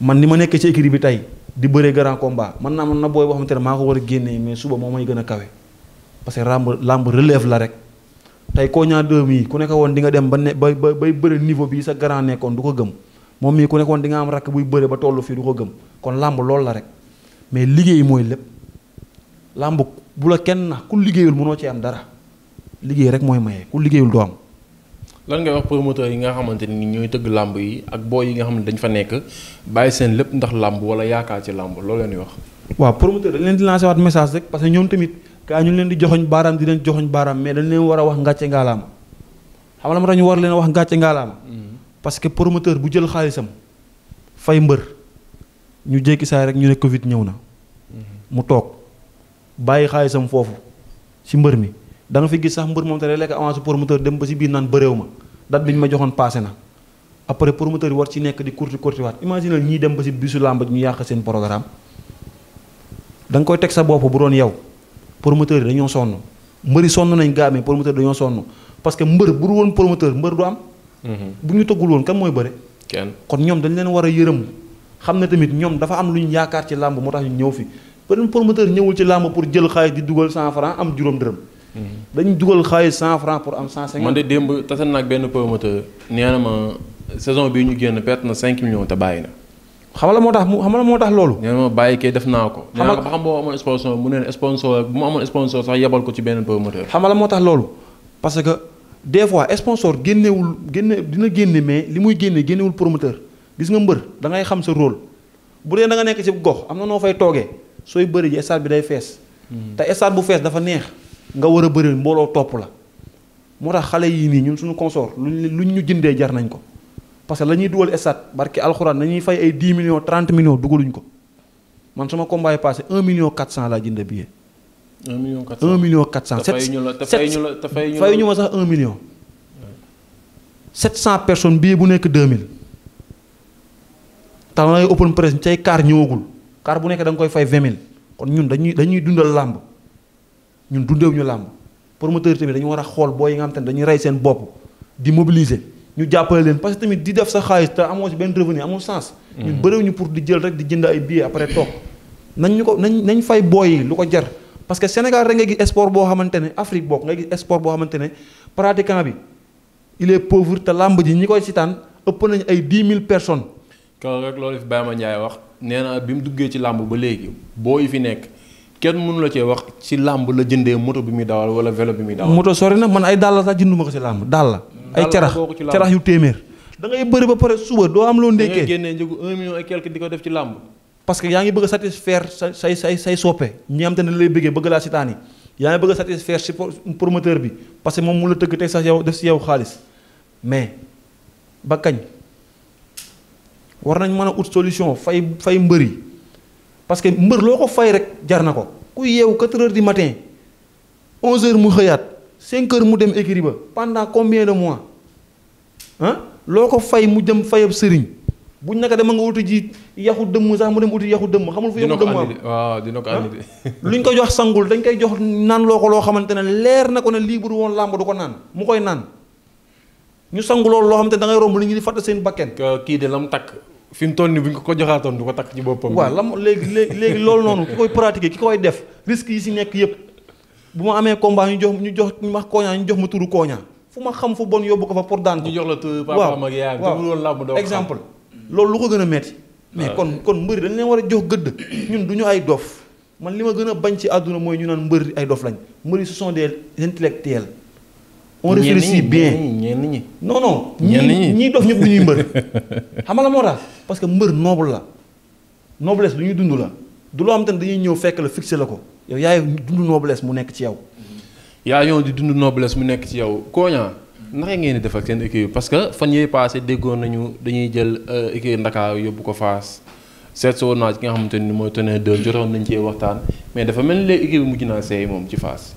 man ni ma nekk ci écurie bi tey di bëree grand combat man naa man na booy boo xamante ne maa ko war a génnee mais suba moo may gën a kawe parce que làmb làmb relève la rek tey koo ñaa deux mii ku nekk woon di nga dem ba ne ba ba bay bëre niveau bi sa grand nekkoon du ko gëm moom mii ku nekk di nga am rakk buy bëre ba tollu fii du ko gëm kon làmb loolu la rek mais liggéey mooy lépp làmb bu la kenn na ku liggéeyul mënoo ci am dara liggéey rek mooy maye ku liggéeyul doom lan ngay wax promoteur yi nga xamante ni ñooy tëgg làmb yi ak booy yi nga xam ne dañ fa nekk bàyyi seen lépp ndax làmb wala yaakaar ci làmb loolu leen wax. waaw promoteur dañ leen di lancer waat message rek parce que ñoom tamit gaa ñu leen di joxoñ baaraam di leen joxoñ baaraam mais dañ leen war a wax ngàcce ngaalaama xam la ma dañu war leen wax ngàcce ngaalaam mm-hmm. parce que promoteur bu jël xaalisam fay mbër ñu jékki saa rek ñu ne Covid ñëw na mm-hmm. mu toog bàyyi xaalisam foofu ci mbër mi da fi gis sax mbër moom te day lekk avance promoteur dem joxoon passé na après promoteur yi war ci nekk di courti courti waat imagine ñii dem bisu làmb ñu yàq seen koy teg sa bopp bu doon yow promoteur yi dañoo sonn mbëri sonn nañ gaa mais promoteur dañoo sonn parce que mbër bu dul woon promoteur mbër du am mhm. bu ñu tëggul woon kan mooy bëre kon ñoom dañ leen war a yërëm xam ne tamit ñoom dafa am lu ñu yaakaar ci làmb moo tax ñu ñëw fi beneen promoteur ñëwul ci làmb pour jël xaalis di dugal cent franc am juróom dërëm dañu dugal xaalis cent franc pour am cent cinquante. man de démb tase naag benn promoteur nee na ma saison bii ñu génn perte na cinq millions te bàyyi na. xamala moo tax mu xamala moo tax loolu. nee ma bàyyi kay def naa ko. xamal ba xam boo neen sponsor bu mu amoon yebal ko ci benn promoteur. xamala moo tax loolu parce que des fois sponsor génnewul génne dina génne mais li muy génne génnewul promoteur gis nga mbër da ngay xam sa rôle bu dee da nga nekk ci gox am na noo fay toogee sooy bëri ji bi day fees. Hmm. te stade bu fees dafa neex. nga war a bëri mbooloo topp la moo tax xale yi nii ñun suñu consort lu luñ ñu jëndee jar nañ ko parce que la ñuy dugal stade barki alxuraan nañuy fay ay 10 millions 30 millions dugaluñ ko man sama combat yi passé 1 million 400 laa jënd billet. 1 million 400 1 million 400. te fay ñu la te fay ñu la te fay ñu la fay ñu ma sax 1 million. 700 personnes billet bu nekk 2000. tax na open press cay kaar ñëwagul kaar bu nekk da nga koy fay 20 000 kon ñun dañuy dañuy dundal làmb. ñun dundeew ñu làmb promoteur tamit dañu war a xool boo yi nga xam te ne dañuy rey seen bopp di mobiliser ñu jàppale leen parce que tamit di def sa xaalis te amoo si benn revenu amul sens. Mm-hmm. ñun bëriw ñu pour di jël rek di jënd ay bii après toog nañ ñu ko nañ nañ fay booy yi lu ko jar. parce que Sénégal rek nga gis sport boo xamante ne Afrique bokk nga gis sport boo xamante ne pratiquant bi il est pauvre te làmb ji ñi koy sitaan ëpp nañ ay dix mille personnes. kaw rek loolu fi Baye wax nee na bi mu duggee ci làmb ba léegi boo yi fi nekk. kenn mënu la cee wax ci làmb la jëndee moto bi muy dawal wala vélo bi muy dawal. moto sori na man ay dàll sax jënduma ko ci làmb dàll. ay carax carax yu téeméer. da bëri ba pare suba doo am loo ndekkee da ngay génnee njëgu un million et quelque di ko def ci làmb. parce que yaa ngi bëgg a satisfaire say say say say soppe ñi am te lay bëggee bëgg laa sitaan yi yaa ngi bëgg a satisfaire si promoteur bi parce que moom mu la tëgg teg sax yow def si yow xaalis mais ba kañ war nañ mën a ut solution fay fay mbëri parce que mbër loo ko fay rek jar na ko ku yeewu 4 heures du matin 11 heures mu xëyaat 5 heures mu dem écurie ba pendant combien de mois ah loo ko fay mu dem fayab sëriñ buñ naka a nga wuti ji yaxu dëmm sax mu dem uti yaxu dëmm xamul fu yaxu dëmm waaw dina ko andi ñu ko jox sangul dañ koy jox naan loo ko loo xamante ne leer na ko ne lii bu dul woon làmb du ko naan mu koy naan ñu sangu loolu loo xam ne da ngay romb li ñu di fàtte seen bakken kii de la takk fi mu toll nii bu ñu ko ko joxaatoon du ko takk ci boppam. waaw la léegi léegi loolu noonu ku koy pratiquer ki koy def risque yi si nekk yëpp bu ma amee combat ñu jox ñu jox ñu wax kooñaa ñu jox ma turu kooñaa fu ma xam fu bon yóbbu ko fa pour daan ko. ñu jox la turu papa mag yaay waaw exemple loolu lu ko gën a metti mais kon kon mbëri dañu leen war a jox gëdd ñun du ñu ay dof man li ma gën a bañ ci àdduna mooy ñu naan mbëri ay dof lañ mbëri ce sont des intellectuels on réfléchit bien ñenn ñi non non. ñenn ñi ñii dof ñëpp du ñuy mbër. xam nga la moo tax parce que mbër noble la noblesse lu ñuy dund la du loo xam te ne dañuy ñëw fekk la fixé la ko yow yaay dund noblesse mu nekk ci yow. yaa yoon di dund noblesse mu nekk ci yow Kogna naka ngeen di def ak seen équipe parce que fan yee passé déggoon nañu dañuy jël euh, équipe Ndakaar yóbbu ko Faas seet si woon ki nga xamante ni mooy tonnerre 2 jotoon nañ cee waxtaan mais dafa mel léegi mujj naa seey moom ci Faas.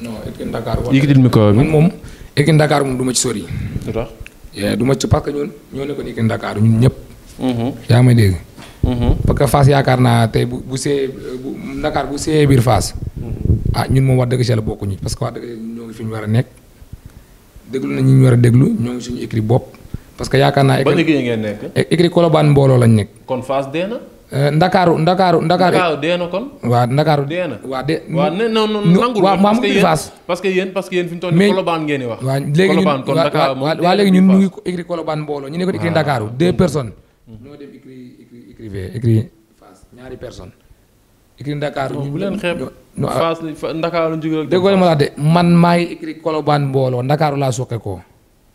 non Aiguine Dakar. moom Aiguine Dakar moom du ma ci sori. lu tax eh, du ma ci parce que ñoo nekkoon Aiguine Dakar ñun ñëpp. Mhm. yaa may dégg. Mhm. parce que Fass yaakaar naa tey bu bu see bu Dakar bu see biir Fass. Mhm. ah ñun moom wax dëgg si la bokkuñu parce que wax dëgg ñoo ngi fi ñu war a nekk déglu na ñu war a déglu ñoo ngi suñu écrit bopp parce que yaakaar naa. ban liggéey ngeen eh, mbooloo lañ nekk. kon Eh, ndakaaru ndakaaru ndakaaru ndakaaru dee na ndakaaru dee de waaw nee na nangul parce que yéen parce que yéen parce que yéen fi mu toll nii Colobane ngeen wax. waaw léegi ñun waaw waaw ñu ngi écrit Colobane mbooloo ñu ne ko écrit ah. Ndakaaru deux personnes. ñoo mhm. ñaari personnes. écrit Ndakaaru oh, ñu bu leen xeeb ah. Fass ma la de man maay écrit Colobane mbooloo Ndakaaru laa soqe koo.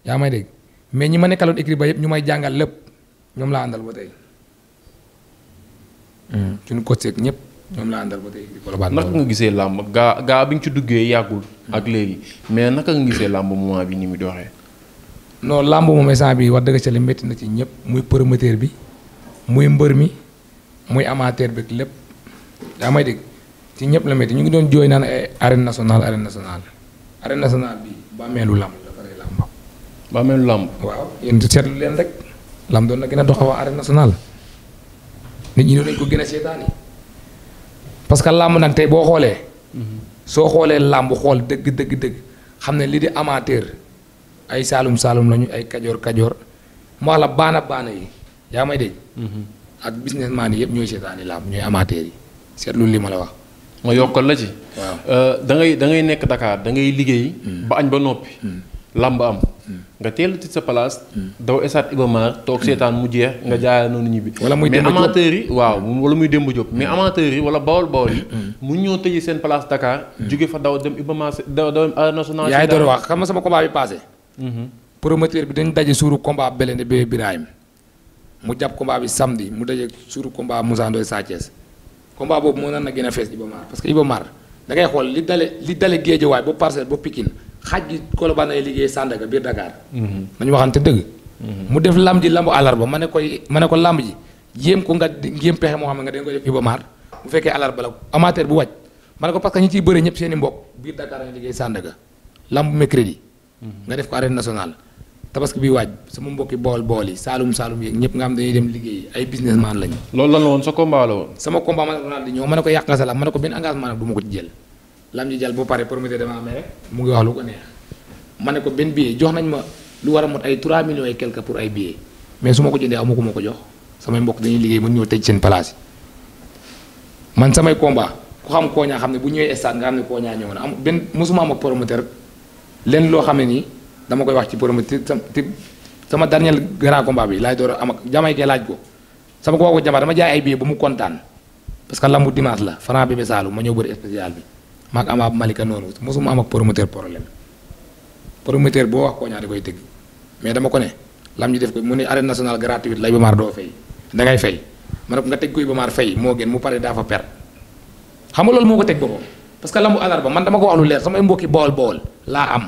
yaa may dégg mais ñi ma nekkaloon écrit ba yëpp ñu may jàngal lépp ñoom laa àndal ba tey Mm. suñu côté ak ñëpp ñoom laa àndal ba tey di Colobane. nga gisee làmb gaa gaa bi ñu ci duggee yàggul. ak mm. léegi mais naka nga gisee làmb moment bi ni mu doxee. no làmb moom instant bi wax dëgg ca li na ci ñëpp muy promoteur bi muy mbër mi muy amateur bi lépp daa ñëpp la ñu ngi doon jooy naan ay eh, arène nationale arène nationale arène nationale bi bàmmeelu làmb dafa waaw yéen leen rek làmb doon na gën a dox national nit ñi doonañ ko gën a seetaani parce que làmb nag tey boo xoolee soo xoolee làmb xool dëgg dëgg dëgg xam ne li di amateur ay saalum saalum lañu ay kajoor kajoor ma la baana baana yi yaa may dégg mhm. ak man yi yëpp ñooy seetaani làmb ñooy amateur yi seetlu li ma la wax ma yokkal la ci waaw euh, da ngay nekk Dakar da liggéey mm. ba añ ba noppi mm. làmb am nga teel ci sa place. daw esaat Ibamar toog seetaan mu jeex nga jaaya noonu ñibbi. wala muy mais amateurs yi waaw wala muy démb jóg mais hmm. amateurs yi wala bawol bawol yi. Hmm. Hmm. mu ñëw tëjee seen place Dakar. jóge fa daw dem Ibamar daw dem Arène Nationale. yaay doon wax xam nga sama combat bi passé. promoteur bi dañ daje suuru combat Belende bébé Birahim mu jàpp combat bi samedi mu daje suuru combat Moussa Ndoye Sa Thiès combat boobu moo nan na gën a fees Ibamar parce que Ibamar da ngay xool li dale li dale Géejawaay ba Parcelles ba Pikine xaaj gi Colobane lay liggéey Sandaga biir Dakar. nañu mhm. waxante dëgg. Mhm. mu def lamb ji lambu àllarba ma ne koy ma ne ko lamb ji jéem ko nga jéem pexe moo xam ne nga dañ ko def Iba Mar bu fekkee àllarba la amateur bu wàcc ma ne ko parce que ñi ciy bëre ñëpp seen i mbokk biir Dakar lañu liggéey Sandaga lamb mercredi. Mhm. nga def ko arène nationale. tabaski bi waaj sama mbokki bool bool yi saalum saalum yeeg ñëpp nga xam dañuy dem liggéey ay businessman lañu. loolu ko benn engagement nag lam ji jàll bu pare promoteur dama amee rek mu ngi wax lu ko neex ma ne ko benn billet jox nañ ma lu war a mot ay 3 millions et quelque pour ay billets mais su ma ko jëndee amu ko ma ko jox sama mbokk dañuy liggéey mën ñoo tëj seen place man samay combat ku xam kooñaa xam ne bu ñëwee stade nga ne kooñaa ñëw na am benn mosuma am ak promoteur loo xam ne nii dama koy wax ci promoteur te sama dernier grand combat bi laay door am ak jamay kee laaj ko sama ko wax ko jama dama jaay ay billets ba mu kontaan parce que lambu dimanche la franc bébé saalu ma ñëw bëri spécial bi maag Ama bu Malika noonu mosuma am ak promoteur problème promoteur boo wax Konia da koy tëgg mais dama ko ne lam ñu def ko mu ne arène nationale gratuite la Iba doo fay da ngay fay ma ne nga teg koy Iba Mar fay moo gën mu pare daa fa per xam nga loolu moo ko teg ko parce que lambu alarba man dama ko wax lu leer samay mbokki bool bool laa am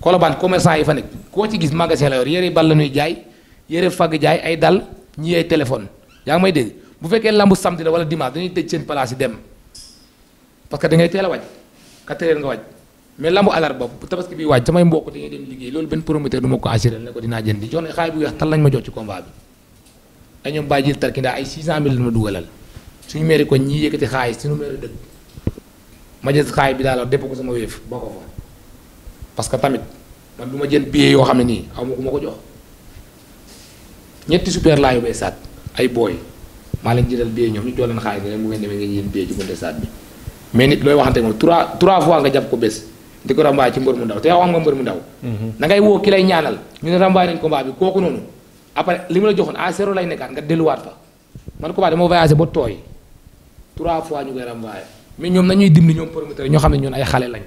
Colobane commerçant yi fa nekk koo ci gis magasin la yor yére bal la ñuy jaay yére fagg jaay ay dal ñi ay téléphone yaa ngi may dégg bu fekkee lambu samedi la wala dimanche dañuy tëj seen place yi dem. parce que da ngay a waaj quatre heures nga waaj mais lambu àllarba bu tabaski bi waaj samay mbokk dañuy dem liggéey loolu benn promoteur du ma ko assuré ne ko dinaa jënd di jox ne xaalis bu weex tal lañ ma jox ci ma dugalal bi daal dépp ko sama wéef boo ko parce que tamit du ma jënd billet yoo xam ne nii aw ku ma ko jox ñetti super laa yóbbee saat ay booy maa leen jëndal billet ñoom ñu jox leen xaalis ne ngeen demee ngeen jënd billet ci bunte saat bi mais nit looy waxante moom trois trois fois nga jàpp ko bés di ko rambaay ci mbër mu ndaw te yow am nga mbër mhm. lay ñaanal ñu ne rambaay nañ combat bi kooku noonu après li mu la joxoon nga ñoo xam ne ñun ay xale lañ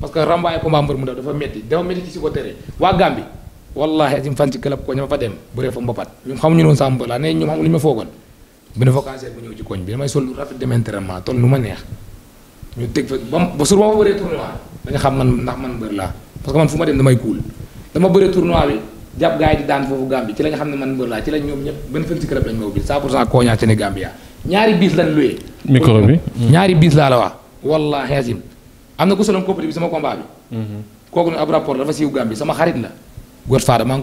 parce que rambaay mbër mu ndaw dafa waa Gambie wallahi asim fan ci club koñ ma fa dem bu ree damay sol lu rafet dem entraînement toll nu ma neex ñu teg fa ba ba suur ba ma bëree tournoi da xam man ndax man mbër laa parce que man fu ma dem damay kuul dama bëree tournoi bi jàpp gars di daan foofu Gambie ci la xam ne man mbër laa ci lañ ñoom ñëpp benn fël ci club lañ ma ubbi ñaari biis lañ luyee micro bi ñaari biis laa la wax wallaahi azim am na ku solom coppite bi sama combat bi kooku ne ab rapport la Godfather maa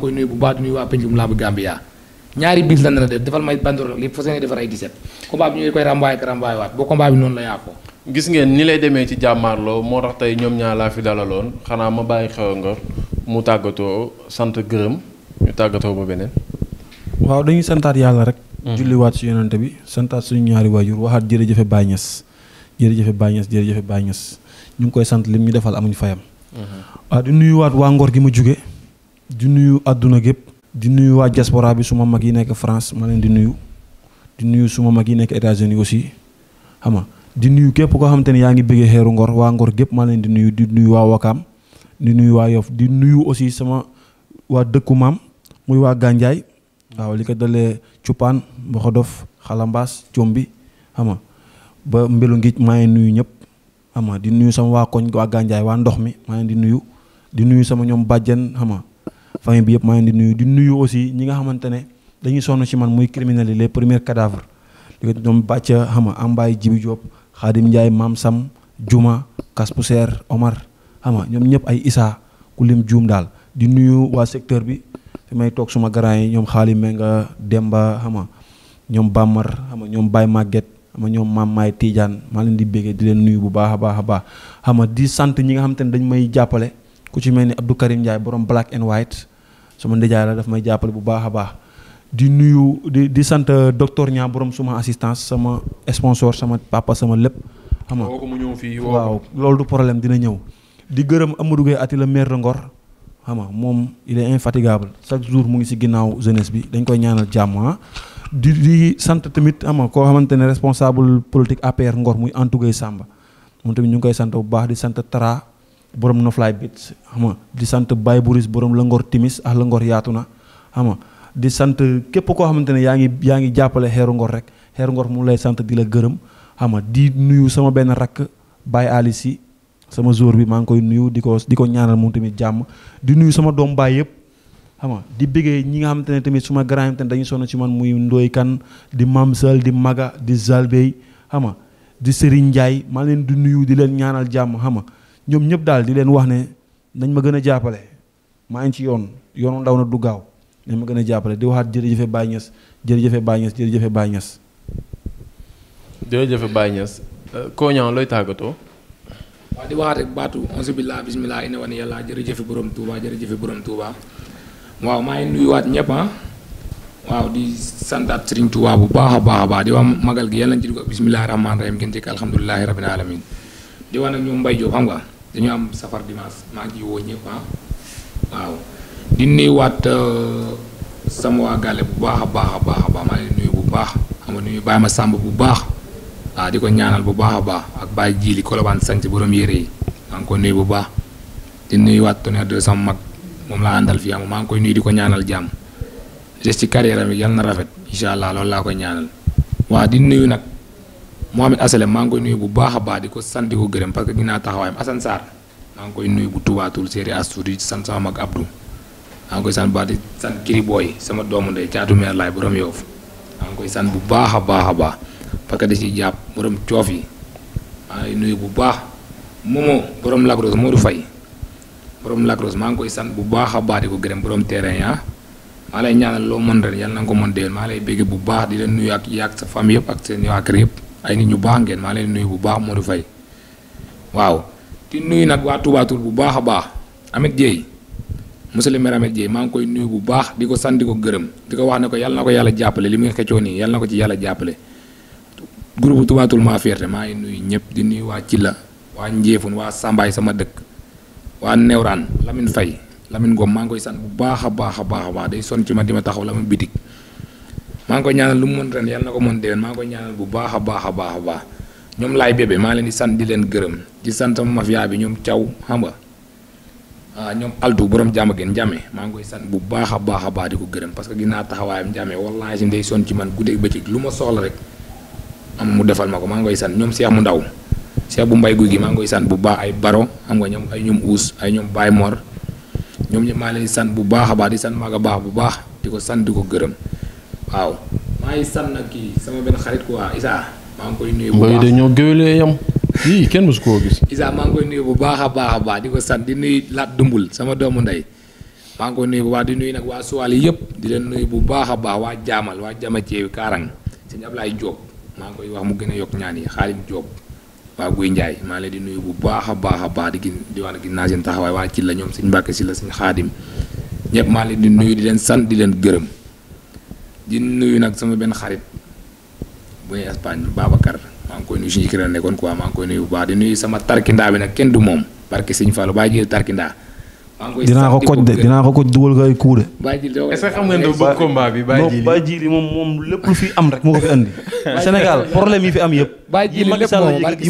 na def gis ngeen ni lay demee ci jàmmaarloo moo tax tey ñoom ñaar laa fi dalaloon xanaa ma bàyyi xew ngor mu tàggatoo sant gërëm ñu tàggatoo ba beneen. waaw dañuy santaat yàlla rek. Hmm. julliwaat si yonante bi santaat suñu ñaari waajur waxaat jërëjëfe Baay baañas jërëjëfe Baay Ñas jërëjëfe Baay ñu ngi koy sant lim ñu defal amuñu fayam. Hmm. waaw di nuyuwaat waa Ngor gi ma jóge di nuyu àdduna gépp di nuyu waa diaspora bi suma mag yi nekk France ma leen di nuyu di nuyu suma mag yi nekk États-Unis di nuyu képp koo xamante ni yaa ngi bëggee xeeru ngor waa ngor gépp maa leen di nuyu di nuyu waa wakaam di nuyu waa yof di nuyu aussi sama waa dëkku maam muy waa gànjaay waaw li ko dalee cuppaan mboxodof xalambaas combi xam nga ba mbelu maa ngi nuyu ñëpp xam nga di nuyu sama waa koñ waa gànjaay waa ndox mi maa ngi di nuyu di nuyu sama ñoom bàjjen xam nga bi yëpp maa ngi di nuyu di nuyu aussi ñi nga xamante ne dañuy sonn ci man muy criminels yi les premiers cadavres li ko ñoom bàcca xam nga jibi Diop Xaadim Ndiaye Maam Sam Juma Kas Omar xam ñoom ñëpp ay Issa ku lim juum daal di nuyu waa secteur bi fi may toog suma garant yi ñoom xaali Menga Demba xam nga ñoom Bamar xam nga ñoom Baye Maguette xam ñoom Maam Maay Tidiane maa leen di béggee di leen nuyu bu baax a baax a baax xam di sant ñi nga xam te ne dañ may jàppale ku ci mel ni Abdou Karim Ndiaye borom Black and White sama ndijaay la daf may jàppale bu baax a baax di nuyu di sant euh, docteur ñaa borom suma assistance sama sponsor sama papa sama lépp. xam nga mu ñëw fii waaw loolu du problème dina ñëw. di gërëm Amadou Gueye Ati la maire de Ngor xam nga moom il est infatigable chaque jour mu ngi ci ginnaaw jeunesse bi dañ koy ñaanal jàmm ah. di di sant tamit xam nga koo xamante ne responsable politique APR Ngor muy Antou Gueye Samba moom tamit ñu ngi koy sant bu baax di sant tra borom Noflaay bit xam nga di sant bay Bouris borom la Ngor Timis ak ah, yaatu na xam di sant képp koo xamante ne yaa ngi yaa ngi jàppale xeeru ngor rek xeeru ngor mu lay sant di la gërëm xam di nuyu sama benn rakk baay Ali si sama jour bi maa ngi koy nuyu di ko di ko ñaanal moom tamit jàmm di nuyu sama doom baay yëpp xam di bëggee ñi nga xamante ne tamit suma grand dañuy sonn ci man muy Ndoy Kan di Mamsal di Maga di Zalbey xam di Serigne Ndiaye maa leen di nuyu di leen ñaanal jàmm xam nga ñoom ñëpp daal di leen wax ne nañ ma gën a jàppale maa ngi ci yoon yoonu ndaw na du gaaw. nañ ma gën a jàppale di waxaat jërëjëfe Baye Niass jërëjëfe Baye Niass jërëjëfe Baye Niass. Euh, looy tàggatoo. waaw di waxaat rek baatu onze billah bismillah ina wan yàlla jërëjëfe borom Touba jërëjëfe borom Touba waaw maa ngi nuyuwaat ñëpp ah. waaw di santaat Serigne Touba bu baax a baax a baax di wax magal gi yàlla nañ ci dugg bismillahi rahmaani rahim ngeen jëkk alhamdulilahi rabbil alamin di wax nag ñoom Mbaye Diop xam nga dañu am safar dimanche maa ngi woo ñëpp ah. waaw. di nuyuwaat euh, sama waa bu baax a baax a baax maa ngi nuyu bu baax xam nga nuyu Baye ma sàmb bu baax a ah, di ko ñaanal bu baax a baax ak Baye jiili Kolobaan Sanc borom yére yi maa ngi ko nuyu bu baax di nuyuwaat Tonnerre de mag moom laa àndal fii am ah, maa di ko ñaanal jàmm geste ci carrière am yal na rafet incha allah loolu laa koy ñaanal waa di nuyu nag Mohamed Asale maa ngi koy nuyu bu baax a baax di ko sant di ko gërëm parce que dinaa taxawaayam Assane Sarr maa ngi koy nuyu bu tubaatul séeri astuudi san sama mag Abdou maa ngi koy sant baax booy sama doomu ndey caatu laay borom yoof maa ngi bu baax a baax a baax parce que da ciy jàpp borom coof yi maa ngi nuyu bu baax moomoo borom lagros moo du fay borom lagros maa ngi koy sant bu baax a baax di ko gërëm borom terrain ya ah. maa lay loo mën ren yàlla na nga ko mën déwén maa lay bégg bu baax di leen nuyu ak yaag sa famille yëpp ak seen waa kër yëpp ay nit ñu baax ngeen maa leen nuyu bu baax moo du fay waaw di nuyu nag waa Touba bu baax a baax amit jéey monsieur le maire Ahmed maa ngi koy nuyu bu baax di ko sant ko gërëm di ko wax ne ko yàlla ko yàlla jàppale li muy xëccoo nii yàlla ko ci yàlla jàppale groupe tubaatul maa fierté maa ngi nuyu ñëpp di nuyu waa la waa Njéefun waa Sambaay sama dëkk waa Newraan lamin Faye lamin Ngom maa ngi koy sant bu baax a baax a baax a baax day son ci ma di ma taxaw la ma bitik maa ngi koy ñaanal lu mu mën ren yàlla na ko mën déwén maa ngi koy ñaanal bu baax a baax a baax a baax ñoom laay bébé maa leen di sant di leen gërëm di sant mafia bi ñoom caw xam nga ah ñoom altu borom jàmm geen njàmme maa ngi koy sant bu baax a baax a di ko gërëm parce que gis naa taxawaayam njàmme wallaahi si day sonn ci man guddeeg bëccëg lu ma soxla rek am mu defal ma ko maa ngi koy sant ñoom seex mu ndaw seex bu mbay gi maa ngi koy bu baax ay baro xam nga ñoom ay ñoom uus ay ñoom baay mor ñoom ñëpp maa ngi leen bu baax a baax di sant maa nga baax bu baax di ko sant di ko gërëm waaw maa ngi sant nag kii sama benn xarit quoi Issa maa ngi koy nuyu bu baax dañoo gëwëlee yam yii kenn mosu koo gis. Isa maa ngi koy nuyu bu baax a baax a baax di ko sant di nuyu Laat Dumbul sama doomu ndey maa ngi koy nuyu bu baax di nuyu nag waa yëpp di leen nuyu bu baax a baax waa Jaamal waa Jama Ceewi Kaarang sëñ Ablaye Diop maa ngi koy wax mu gën a yokk ñaan yi Xaalim joob waa Guy Ndiaye maa leen di nuyu bu baax a baax a baax di gin di wax gis naa seen taxawaay waa ci la ñoom sëñ Mbàkke si la sëñ Xaadim ñëpp maa leen di nuyu di leen san di leen gërëm di nuyu nag sama benn xarit bu ne Espagne Babacar maa ngi koy nuyu suñu kër la nekkoon quoi maa ngi koy nuyu bu baax di nuyu sama tarkindaa bi nag kenn du moom barke Sëñ Fallou bàyyi jël am rek moo ko fi andi. Sénégal problème yi am yëpp. bàyyi jëli lépp moom barke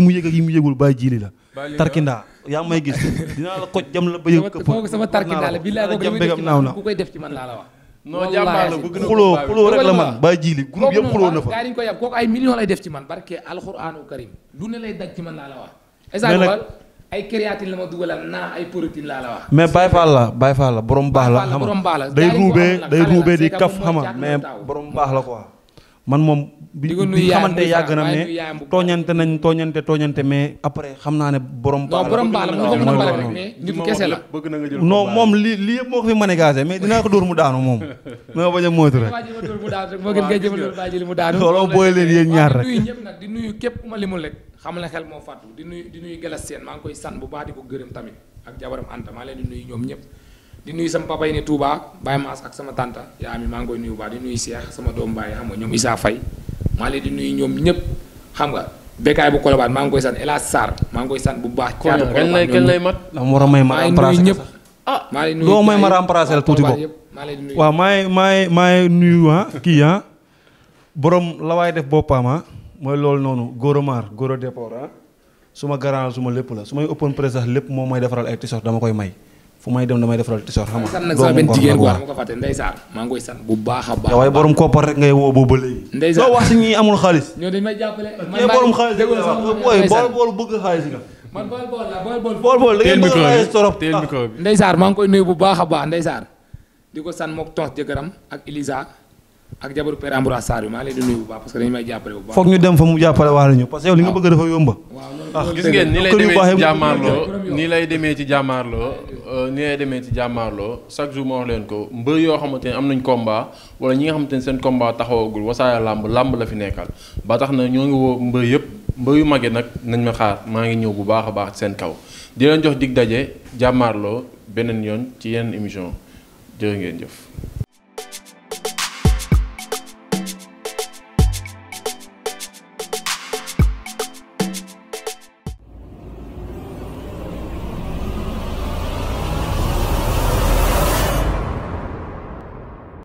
mu yëg mu yëgul bàyyi jëli la tarkindaa yaa may gis la koj jam la bëy këpp sama tarkindaa la billaay ko def ci man laa la wax non jàmbaar la bëgg na xuloo xuloo rek la man baa jiili groupe yëpp xuloo na fa gaa dañ ko yàpp ay millions lay def ci man barke alxuraanu karim lu ne lay daj ci man laa la wax exemple ay créatine la ma dugalal la wax mais Baye Fall la Baye Fall la borom baax la xam day ruubee day ruubee di kaf xama mais borom baax la quoi man moom di ko nuyu yaayam xamante yàgg na mais tooñante nañ tooñante tooñante mais après xam naa ne borom. baal borom baal la bëgg na nga jël non moom li li yëpp moo mais dinaa ko dóor mu daanu moom. na nga bañ a moytu rek. waaw gis looloo booy leen di nuyu ñëpp ku ma limul rek. xam na xel moo fàttu di nuyu di nuyu Galas Seen maa ngi koy sant bu baax di ko gërëm tamit ak jabaram Anta maa leen di nuyu ñoom ñëpp di nuyu sama papa yi ne Touba Baye Mass ak sama tante yaa mi maa ngi koy nuyu baax di nuyu Cheikh sama doom baay xam nga ñoom isaa Faye maa leen di nuyu ñoom ñëpp xam nga bekkaay bu Colobane maa ngi koy sant El Hadj Sarr maa ngi koy sant bu baax. caatu Colobane kenn lay mat. la maa war a may ma remplacer ñëpp. ah doo ah, may ma remplacer la tuuti boobu. waaw maay maay maay nuyu ah kii ah. borom la waay def boppam ah mooy loolu noonu Goro Mar Goro Deport ah, su ma garant su ma lépp la su may open press sax lépp moom may defaral ay t-shirt dama koy may. fu may dem damay defaral t-shirt xam nga. sama benn jigéen quoi ma ko fàtte Ndeye Sarr maa ngi koy sant bu baax a baax. waaye borom koppar rek ngay woo boobu ba léegi. ñoo dañ may jàppale. man borom xaalis déglu bëgg xaalis man bool bool la bool bool. bool bool da ngeen bëgg torop teel micro maa ngi koy nuyu bu baax a baax Ndeye Sarr di ko san mook toos jëkkëram ak Elisa ak jabaru père Ambroise Sarr bi maa ñu dem fa mu jàppale waale ñu parce que yow li nga bëgg dafa yomba. waaw ah, gis ngeen ni lay demee ci jàmmaarloo nii lay demee ci jàmmaarloo nii chaque jour ma wax leen ko mbër yoo xamante ne am nañ komba wala ñi nga xamante ne seen combat taxawagul wasaaya làmb làmb la fi nekkal ba tax na ñoo ngi woo mbër yëpp mbër yu mage nag nañ ma xaar maa ngi ñëw bu baax a baax ci seen kaw di leen jox dig daje jàmmaarloo beneen yoon ci yenn émission jërë ngeen jëf